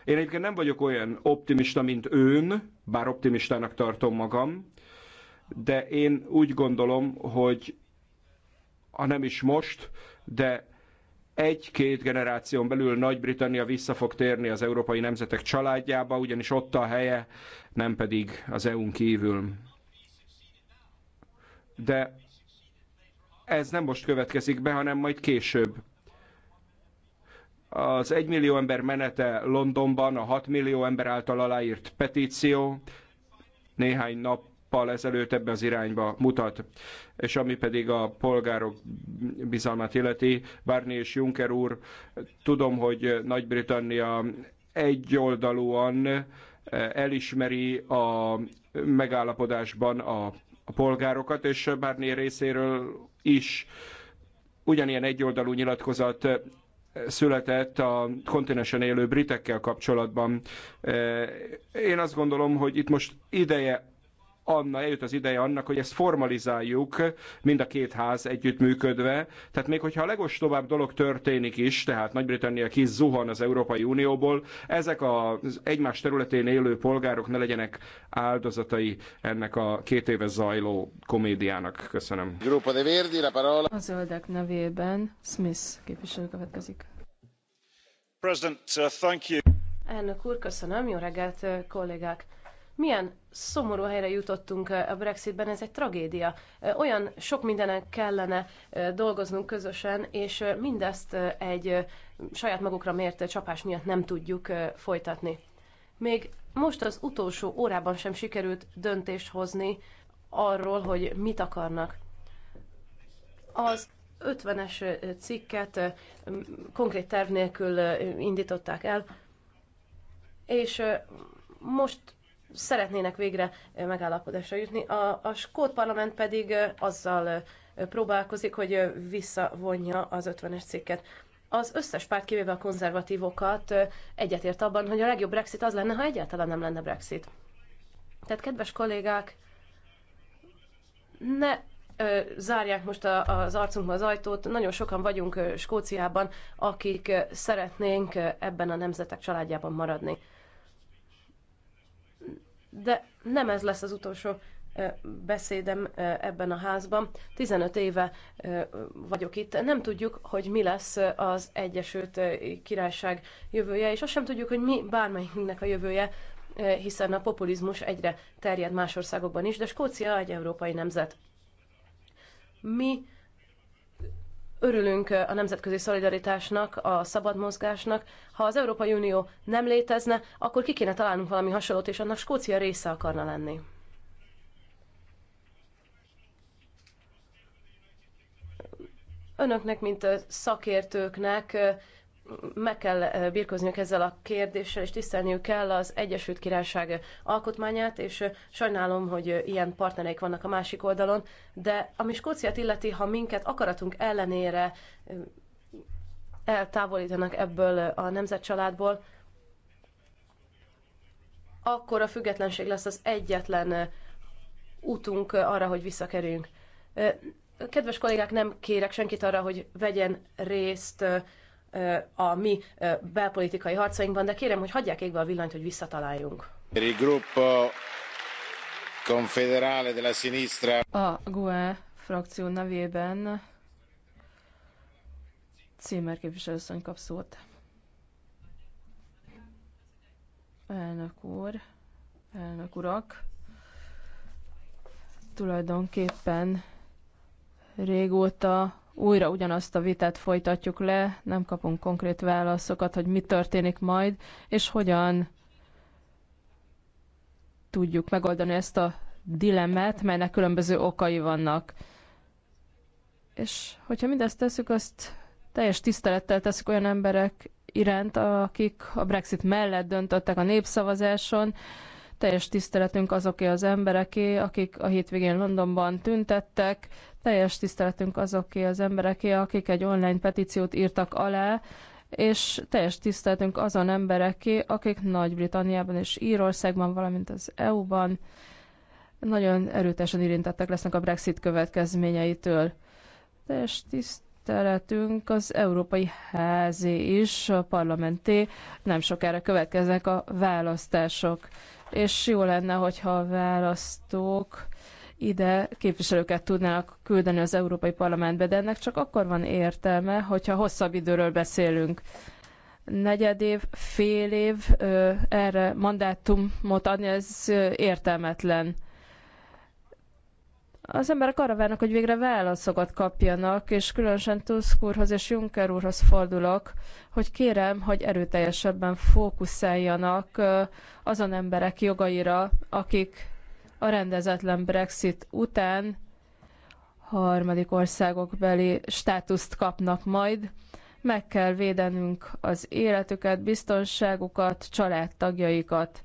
Én egyébként nem vagyok olyan optimista, mint ön, bár optimistának tartom magam, de én úgy gondolom, hogy ha nem is most, de egy-két generáción belül Nagy-Britannia vissza fog térni az európai nemzetek családjába, ugyanis ott a helye, nem pedig az EU-n kívül. De ez nem most következik be, hanem majd később. Az egymillió millió ember menete Londonban, a 6 millió ember által aláírt petíció néhány nap nappal ezelőtt ebbe az irányba mutat. És ami pedig a polgárok bizalmát illeti, Barney és Juncker úr, tudom, hogy Nagy-Britannia egyoldalúan eh, elismeri a megállapodásban a, a polgárokat, és Barnier részéről is ugyanilyen egyoldalú nyilatkozat eh, született a kontinensen élő britekkel kapcsolatban. Eh, én azt gondolom, hogy itt most ideje Anna eljött az ideje annak, hogy ezt formalizáljuk, mind a két ház együttműködve. Tehát még hogyha a legostobább dolog történik is, tehát Nagy-Britannia kis zuhan az Európai Unióból, ezek az egymás területén élő polgárok ne legyenek áldozatai ennek a két éve zajló komédiának. Köszönöm. Grupo de Verdi, la parola. A zöldek nevében Smith képviselő következik. President, uh, thank you. Elnök úr, köszönöm. Jó reggelt, uh, kollégák! milyen szomorú helyre jutottunk eh, a Brexitben, ez egy tragédia. Eh, olyan sok mindenen kellene eh, dolgoznunk közösen, és mindezt egy saját magukra mért csapás miatt nem tudjuk folytatni. Még most az utolsó órában sem sikerült döntést hozni arról, hogy mit akarnak. Az 50-es cikket konkrét terv nélkül indították el, és most szeretnének végre megállapodásra jutni. A, a skót parlament pedig azzal próbálkozik, hogy visszavonja az 50-es cikket. Az összes párt, kivéve a konzervatívokat, egyetért abban, hogy a legjobb Brexit az lenne, ha egyáltalán nem lenne Brexit. Tehát, kedves kollégák, ne ö, zárják most a, az arcunkba az ajtót. Nagyon sokan vagyunk ö, Skóciában, akik ö, szeretnénk ö, ebben a nemzetek családjában maradni de nem ez lesz az utolsó beszédem ebben a házban. 15 éve vagyok itt. Nem tudjuk, hogy mi lesz az Egyesült Királyság jövője, és azt sem tudjuk, hogy mi bármelyiknek a jövője, hiszen a populizmus egyre terjed más országokban is, de Skócia egy európai nemzet. Mi Örülünk a nemzetközi szolidaritásnak, a szabad mozgásnak. Ha az Európai Unió nem létezne, akkor ki kéne találnunk valami hasonlót, és annak Skócia része akarna lenni. Önöknek, mint szakértőknek meg kell eh, birkozniuk ezzel a kérdéssel, és tisztelniük kell az Egyesült Királyság alkotmányát, és eh, sajnálom, hogy eh, ilyen partnereik vannak a másik oldalon, de ami Skóciát illeti, ha minket akaratunk ellenére eltávolítanak ebből a nemzetcsaládból, akkor a függetlenség lesz az egyetlen útunk arra, hogy visszakerüljünk. Kedves kollégák, nem kérek senkit arra, hogy vegyen részt a mi belpolitikai harcainkban, de kérem, hogy hagyják égbe a villanyt, hogy visszataláljunk. A GUE frakció nevében Címer képviselőszony kap szót. Elnök úr, elnök urak, tulajdonképpen régóta újra ugyanazt a vitát folytatjuk le, nem kapunk konkrét válaszokat, hogy mi történik majd, és hogyan tudjuk megoldani ezt a dilemmát, melynek különböző okai vannak. És hogyha mindezt tesszük, azt teljes tisztelettel teszük olyan emberek iránt, akik a Brexit mellett döntöttek a népszavazáson, teljes tiszteletünk azoké az embereké, akik a hétvégén Londonban tüntettek, teljes tiszteletünk azoké az embereké, akik egy online petíciót írtak alá, és teljes tiszteletünk azon embereké, akik Nagy-Britanniában és Írországban, valamint az EU-ban nagyon erőteljesen érintettek lesznek a Brexit következményeitől. Teljes tiszteletünk az Európai Házé is, a parlamenté, nem sokára következnek a választások és jó lenne, hogyha a választók ide képviselőket tudnának küldeni az Európai Parlamentbe, de ennek csak akkor van értelme, hogyha hosszabb időről beszélünk. Negyed év, fél év erre mandátumot adni, ez értelmetlen az emberek arra várnak, hogy végre válaszokat kapjanak, és különösen Tusk úrhoz és Juncker úrhoz fordulok, hogy kérem, hogy erőteljesebben fókuszáljanak azon emberek jogaira, akik a rendezetlen Brexit után harmadik országokbeli státuszt kapnak majd. Meg kell védenünk az életüket, biztonságukat, családtagjaikat.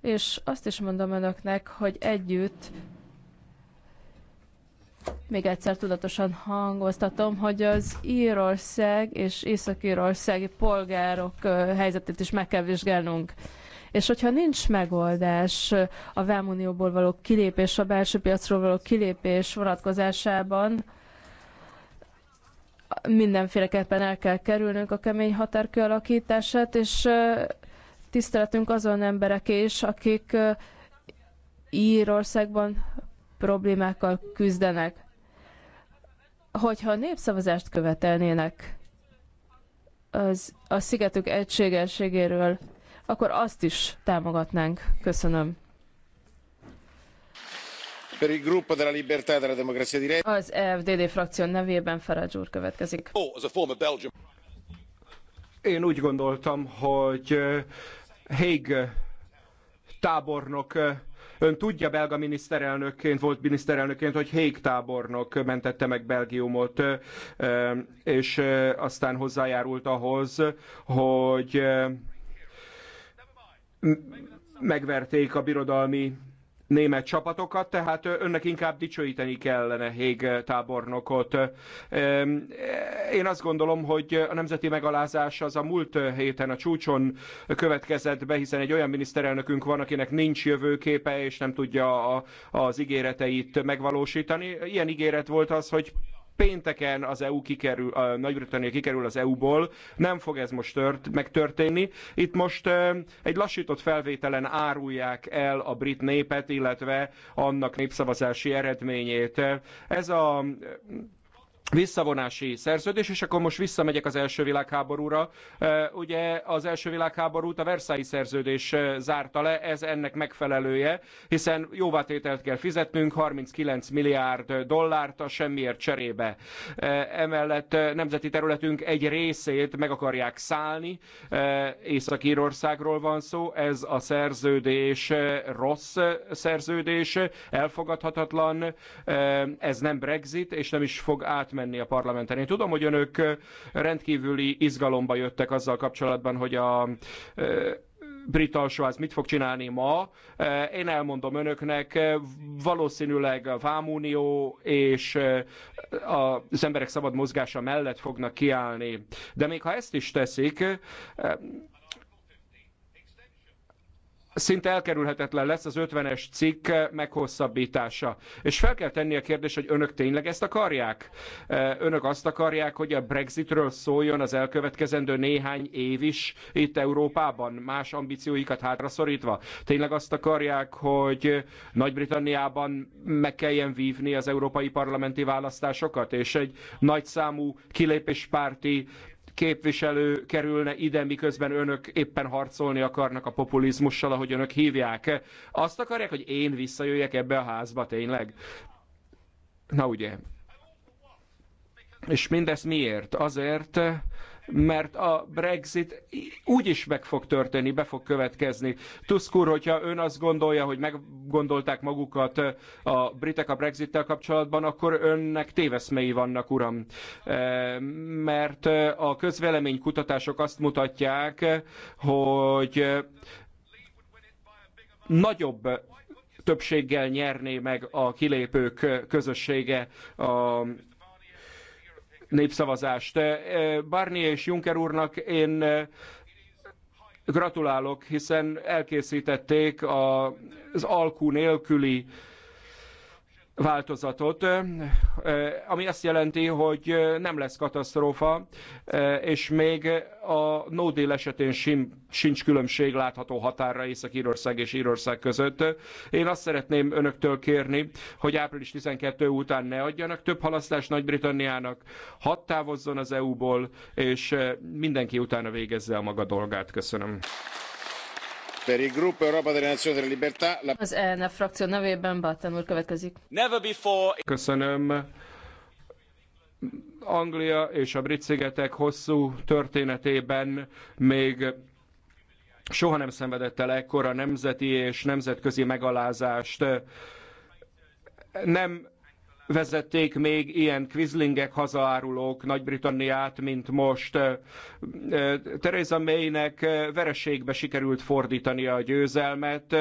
És azt is mondom önöknek, hogy együtt még egyszer tudatosan hangoztatom, hogy az Írország és Észak-Írországi polgárok helyzetét is meg kell vizsgálnunk. És hogyha nincs megoldás a Vámunióból való kilépés, a belső piacról való kilépés vonatkozásában, mindenféleképpen el kell kerülnünk a kemény határ kialakítását, és tiszteletünk azon emberek is, akik Írországban problémákkal küzdenek. Hogyha népszavazást követelnének az, a szigetük egységességéről, akkor azt is támogatnánk. Köszönöm. E az EFDD frakció nevében Farage úr következik. Oh, Én úgy gondoltam, hogy eh, Hague tábornok eh, Ön tudja, belga miniszterelnökként, volt miniszterelnökként, hogy Hék tábornok mentette meg Belgiumot, és aztán hozzájárult ahhoz, hogy megverték a birodalmi német csapatokat, tehát önnek inkább dicsőíteni kellene Hég tábornokot. Én azt gondolom, hogy a nemzeti megalázás az a múlt héten a csúcson következett be, hiszen egy olyan miniszterelnökünk van, akinek nincs jövőképe, és nem tudja a, az ígéreteit megvalósítani. Ilyen ígéret volt az, hogy pénteken az EU kikerül, a Nagy-Britannia kikerül az EU-ból, nem fog ez most tört, megtörténni. Itt most egy lassított felvételen árulják el a brit népet, illetve annak népszavazási eredményét. Ez a visszavonási szerződés, és akkor most visszamegyek az első világháborúra. Ugye az első világháborút a Versailles szerződés zárta le, ez ennek megfelelője, hiszen jóvátételt kell fizetnünk, 39 milliárd dollárt a semmiért cserébe. Emellett nemzeti területünk egy részét meg akarják szállni, Észak-Írországról van szó, ez a szerződés rossz szerződés, elfogadhatatlan, ez nem Brexit, és nem is fog átmenni átmenni a parlamenten. Én tudom, hogy önök rendkívüli izgalomba jöttek azzal kapcsolatban, hogy a brit alsóház mit fog csinálni ma. Én elmondom önöknek, valószínűleg a Vámunió és az emberek szabad mozgása mellett fognak kiállni. De még ha ezt is teszik, szinte elkerülhetetlen lesz az 50-es cikk meghosszabbítása. És fel kell tenni a kérdést, hogy önök tényleg ezt akarják? Önök azt akarják, hogy a Brexitről szóljon az elkövetkezendő néhány év is itt Európában, más ambícióikat hátraszorítva? Tényleg azt akarják, hogy Nagy-Britanniában meg kelljen vívni az európai parlamenti választásokat, és egy nagyszámú kilépéspárti képviselő kerülne ide, miközben önök éppen harcolni akarnak a populizmussal, ahogy önök hívják. Azt akarják, hogy én visszajöjjek ebbe a házba, tényleg? Na ugye. És mindez miért? Azért, mert a Brexit úgy is meg fog történni, be fog következni. Tusk úr, hogyha ön azt gondolja, hogy meggondolták magukat a britek a Brexittel kapcsolatban, akkor önnek téveszmei vannak, uram. Mert a kutatások azt mutatják, hogy nagyobb többséggel nyerné meg a kilépők közössége a népszavazást. E, Barnier és Juncker úrnak én e, gratulálok, hiszen elkészítették az alkú nélküli változatot, ami azt jelenti, hogy nem lesz katasztrófa, és még a no deal esetén sincs különbség látható határa Észak-Írország és Írország között. Én azt szeretném önöktől kérni, hogy április 12 után ne adjanak több halasztást Nagy-Britanniának, hadd távozzon az EU-ból, és mindenki utána végezze a maga dolgát. Köszönöm. Az ELNE frakció nevében Batten úr következik. Köszönöm. Anglia és a brit szigetek hosszú történetében még soha nem szenvedett el ekkora nemzeti és nemzetközi megalázást. Nem vezették még ilyen kvizlingek hazaárulók Nagy-Britanniát, mint most. Theresa Maynek vereségbe sikerült fordítani a győzelmet,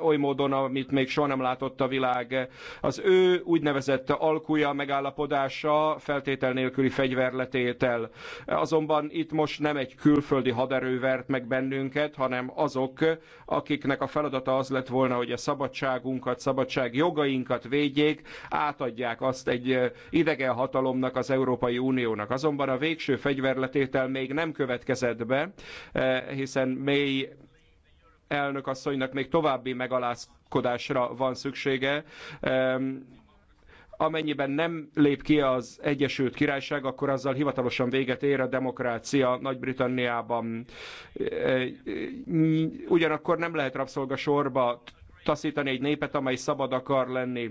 oly módon, amit még soha nem látott a világ. Az ő úgynevezett alkúja megállapodása feltétel nélküli fegyverletétel. Azonban itt most nem egy külföldi haderő vert meg bennünket, hanem azok, akiknek a feladata az lett volna, hogy a szabadságunkat, szabadság jogainkat védjék, átadják tartják azt egy idegen hatalomnak, az Európai Uniónak. Azonban a végső fegyverletétel még nem következett be, hiszen mély asszonynak még további megalázkodásra van szüksége amennyiben nem lép ki az Egyesült Királyság, akkor azzal hivatalosan véget ér a demokrácia Nagy-Britanniában. Ugyanakkor nem lehet rabszolga sorba taszítani egy népet, amely szabad akar lenni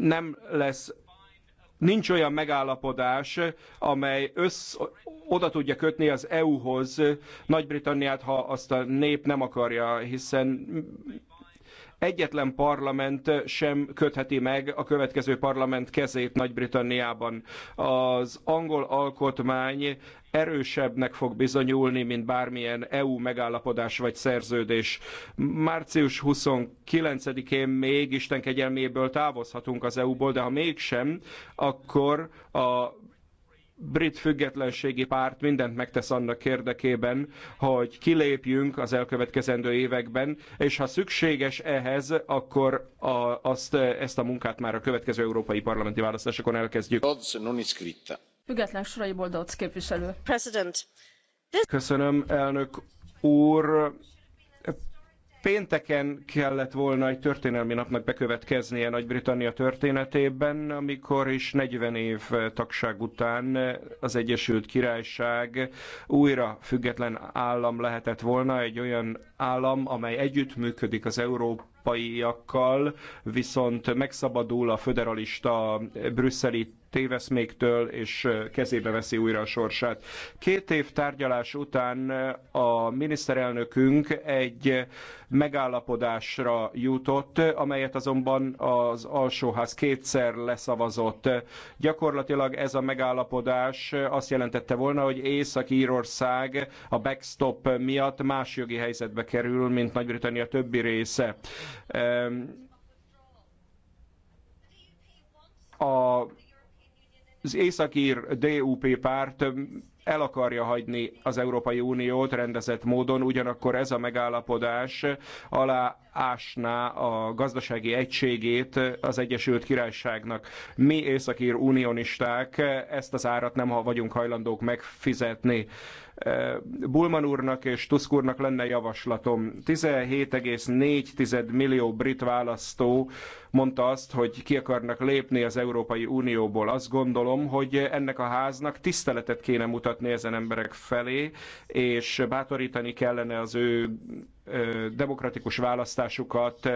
nem lesz nincs olyan megállapodás, amely össz, oda tudja kötni az EU-hoz Nagy-Britanniát, ha azt a nép nem akarja, hiszen egyetlen parlament sem kötheti meg a következő parlament kezét Nagy-Britanniában. Az angol alkotmány erősebbnek fog bizonyulni, mint bármilyen EU megállapodás vagy szerződés. Március 29-én még Isten kegyelméből távozhatunk az EU-ból, de ha mégsem, akkor a brit függetlenségi párt mindent megtesz annak érdekében, hogy kilépjünk az elkövetkezendő években, és ha szükséges ehhez, akkor a, azt, ezt a munkát már a következő európai parlamenti választásokon elkezdjük. Független Sorai Boldóc képviselő. President. Köszönöm, elnök úr. Pénteken kellett volna egy történelmi napnak bekövetkeznie Nagy-Britannia történetében, amikor is 40 év tagság után az Egyesült Királyság újra független állam lehetett volna, egy olyan állam, amely együttműködik az Európa európaiakkal, viszont megszabadul a föderalista brüsszeli téveszméktől, és kezébe veszi újra a sorsát. Két év tárgyalás után a miniszterelnökünk egy megállapodásra jutott, amelyet azonban az alsóház kétszer leszavazott. Gyakorlatilag ez a megállapodás azt jelentette volna, hogy Észak-Írország a backstop miatt más jogi helyzetbe kerül, mint Nagy-Britannia többi része. A az északír DUP párt um, el akarja hagyni az Európai Uniót rendezett módon, ugyanakkor ez a megállapodás alá ásná a gazdasági egységét az Egyesült Királyságnak. Mi északír unionisták ezt az árat nem ha vagyunk hajlandók megfizetni. Bulman úrnak és Tusk úrnak lenne javaslatom. 17,4 millió brit választó mondta azt, hogy ki akarnak lépni az Európai Unióból. Azt gondolom, hogy ennek a háznak tiszteletet kéne mutatni ezen emberek felé, és bátorítani kellene az ő demokratikus választásukat.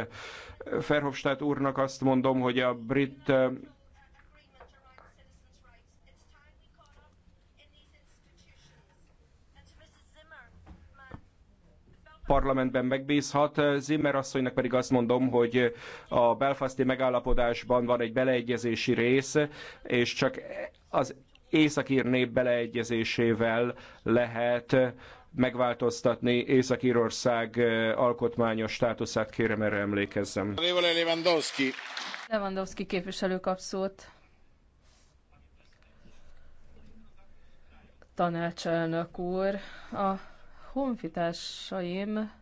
Ferhofstadt úrnak azt mondom, hogy a brit parlamentben megbízhat. Zimmer asszonynak pedig azt mondom, hogy a belfasti megállapodásban van egy beleegyezési rész, és csak az északír nép beleegyezésével lehet megváltoztatni Észak-Írország eh, alkotmányos státuszát, kérem erre emlékezzem. Lewandowski. Lewandowski képviselő kap szót. Tanácselnök úr, a honfitársaim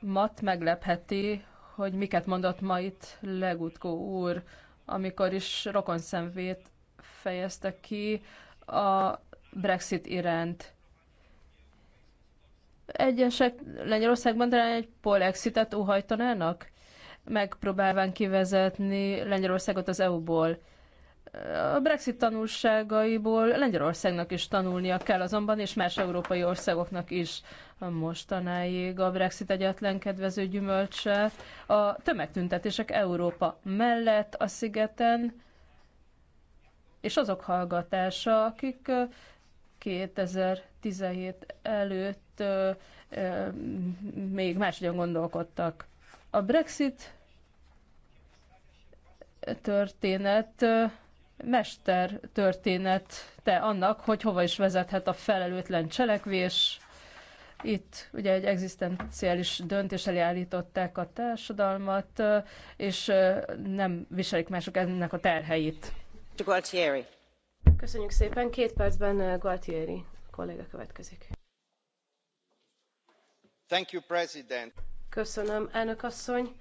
mat meglepheti, hogy miket mondott ma itt Legutkó úr, amikor is rokonszenvét fejezte ki a Brexit iránt. Egyesek Lengyelországban talán egy polexitet óhajtanának, megpróbálván kivezetni Lengyelországot az EU-ból. A Brexit tanulságaiból Lengyelországnak is tanulnia kell azonban, és más európai országoknak is a mostanáig a Brexit egyetlen kedvező gyümölcse. A tömegtüntetések Európa mellett a szigeten, és azok hallgatása, akik 2017 előtt még máshogyan gondolkodtak. A Brexit történet mester történet, te annak, hogy hova is vezethet a felelőtlen cselekvés. Itt ugye egy egzisztenciális döntés elé állították a társadalmat, és nem viselik mások ennek a terheit. Gualtieri. Köszönjük szépen. Két percben eh, Gualtieri kolléga következik. Thank you, President. Köszönöm, elnök asszony.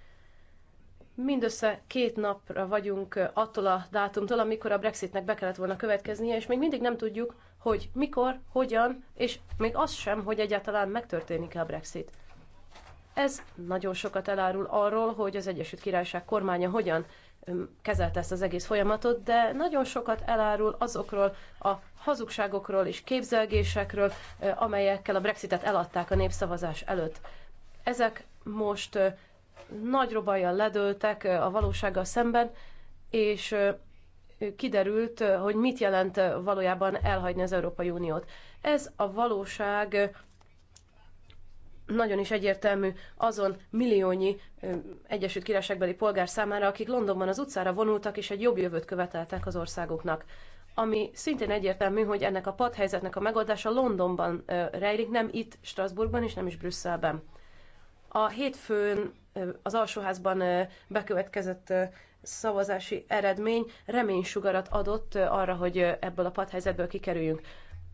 Mindössze két napra vagyunk eh, attól a dátumtól, amikor a Brexitnek be kellett volna következnie, és még mindig nem tudjuk, hogy mikor, hogyan, és még az sem, hogy egyáltalán megtörténik-e a Brexit. Ez nagyon sokat elárul arról, hogy az Egyesült Királyság kormánya hogyan kezelte ezt az egész folyamatot, de nagyon sokat elárul azokról a hazugságokról és képzelgésekről, amelyekkel a Brexitet eladták a népszavazás előtt. Ezek most nagy robajjal ledőltek a valósággal szemben, és kiderült, hogy mit jelent valójában elhagyni az Európai Uniót. Ez a valóság nagyon is egyértelmű azon milliónyi Egyesült Királyságbeli polgár számára, akik Londonban az utcára vonultak és egy jobb jövőt követeltek az országoknak, Ami szintén egyértelmű, hogy ennek a padhelyzetnek a megoldása Londonban rejlik, nem itt, Strasbourgban és nem is Brüsszelben. A hétfőn az alsóházban bekövetkezett szavazási eredmény reménysugarat adott arra, hogy ebből a padhelyzetből kikerüljünk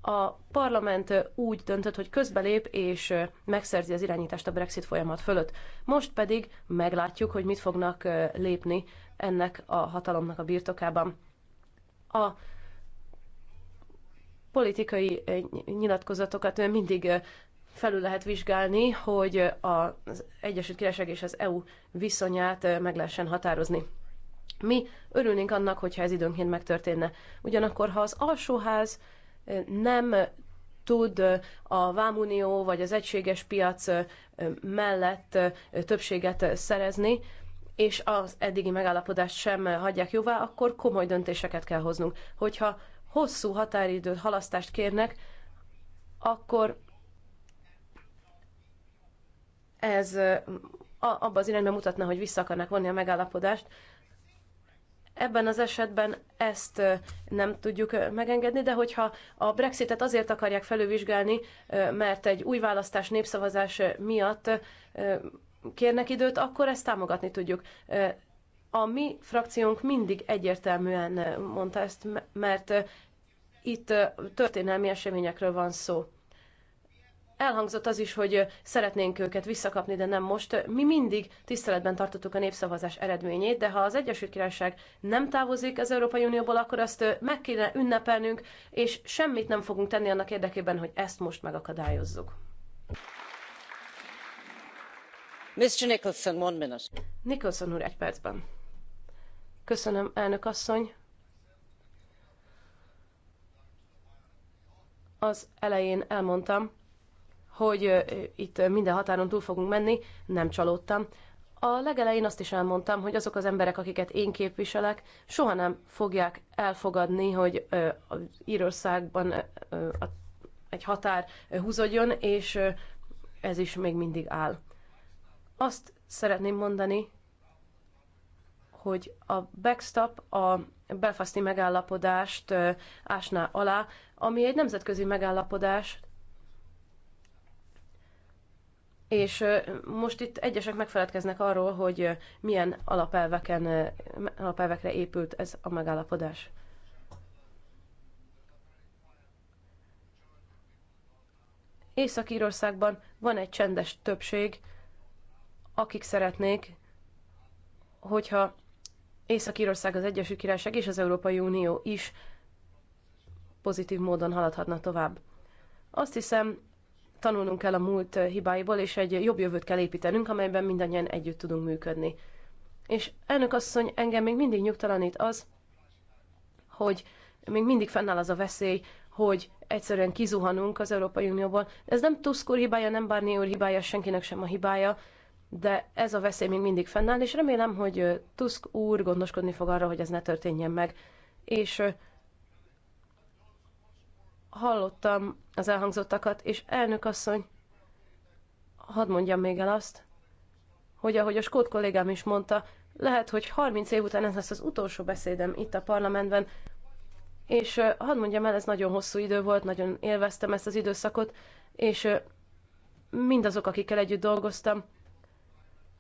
a parlament úgy döntött, hogy közbelép és megszerzi az irányítást a Brexit folyamat fölött. Most pedig meglátjuk, hogy mit fognak lépni ennek a hatalomnak a birtokában. A politikai nyilatkozatokat mindig felül lehet vizsgálni, hogy az Egyesült Királyság és az EU viszonyát meg lehessen határozni. Mi örülnénk annak, hogyha ez időnként megtörténne. Ugyanakkor, ha az alsóház nem tud a Vámunió vagy az egységes piac mellett többséget szerezni, és az eddigi megállapodást sem hagyják jóvá, akkor komoly döntéseket kell hoznunk. Hogyha hosszú határidőt, halasztást kérnek, akkor ez abban az irányban mutatna, hogy vissza akarnak vonni a megállapodást, Ebben az esetben ezt nem tudjuk megengedni, de hogyha a Brexitet azért akarják felülvizsgálni, mert egy új választás népszavazás miatt kérnek időt, akkor ezt támogatni tudjuk. A mi frakciónk mindig egyértelműen mondta ezt, mert itt történelmi eseményekről van szó. Elhangzott az is, hogy szeretnénk őket visszakapni, de nem most. Mi mindig tiszteletben tartottuk a népszavazás eredményét, de ha az Egyesült Királyság nem távozik az Európai Unióból, akkor azt meg kéne ünnepelnünk, és semmit nem fogunk tenni annak érdekében, hogy ezt most megakadályozzuk. Mr. Nicholson, one minute. Nicholson úr, egy percben. Köszönöm, elnök asszony. Az elején elmondtam, hogy itt minden határon túl fogunk menni, nem csalódtam. A legelején azt is elmondtam, hogy azok az emberek, akiket én képviselek, soha nem fogják elfogadni, hogy Írországban egy határ húzódjon, és ez is még mindig áll. Azt szeretném mondani, hogy a backstop a belfasti megállapodást ásná alá, ami egy nemzetközi megállapodást, és most itt egyesek megfeledkeznek arról, hogy milyen alapelveken, alapelvekre épült ez a megállapodás. Észak-Írországban van egy csendes többség, akik szeretnék, hogyha Észak-Írország, az Egyesült Királyság és az Európai Unió is pozitív módon haladhatna tovább. Azt hiszem, tanulnunk kell a múlt hibáiból, és egy jobb jövőt kell építenünk, amelyben mindannyian együtt tudunk működni. És elnök asszony, engem még mindig nyugtalanít az, hogy még mindig fennáll az a veszély, hogy egyszerűen kizuhanunk az Európai Unióból. Ez nem Tusk úr hibája, nem Barnier úr hibája, senkinek sem a hibája, de ez a veszély még mindig fennáll, és remélem, hogy Tusk úr gondoskodni fog arra, hogy ez ne történjen meg. És hallottam az elhangzottakat, és elnök asszony, hadd mondjam még el azt, hogy ahogy a skót kollégám is mondta, lehet, hogy 30 év után ez lesz az utolsó beszédem itt a parlamentben, és hadd mondjam el, ez nagyon hosszú idő volt, nagyon élveztem ezt az időszakot, és mindazok, akikkel együtt dolgoztam,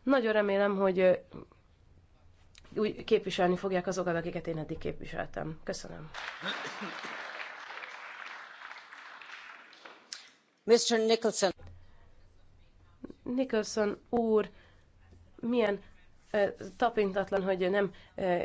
nagyon remélem, hogy úgy képviselni fogják azokat, akiket én eddig képviseltem. Köszönöm. Mr. Nicholson. Nicholson úr, milyen tapintatlan, hogy nem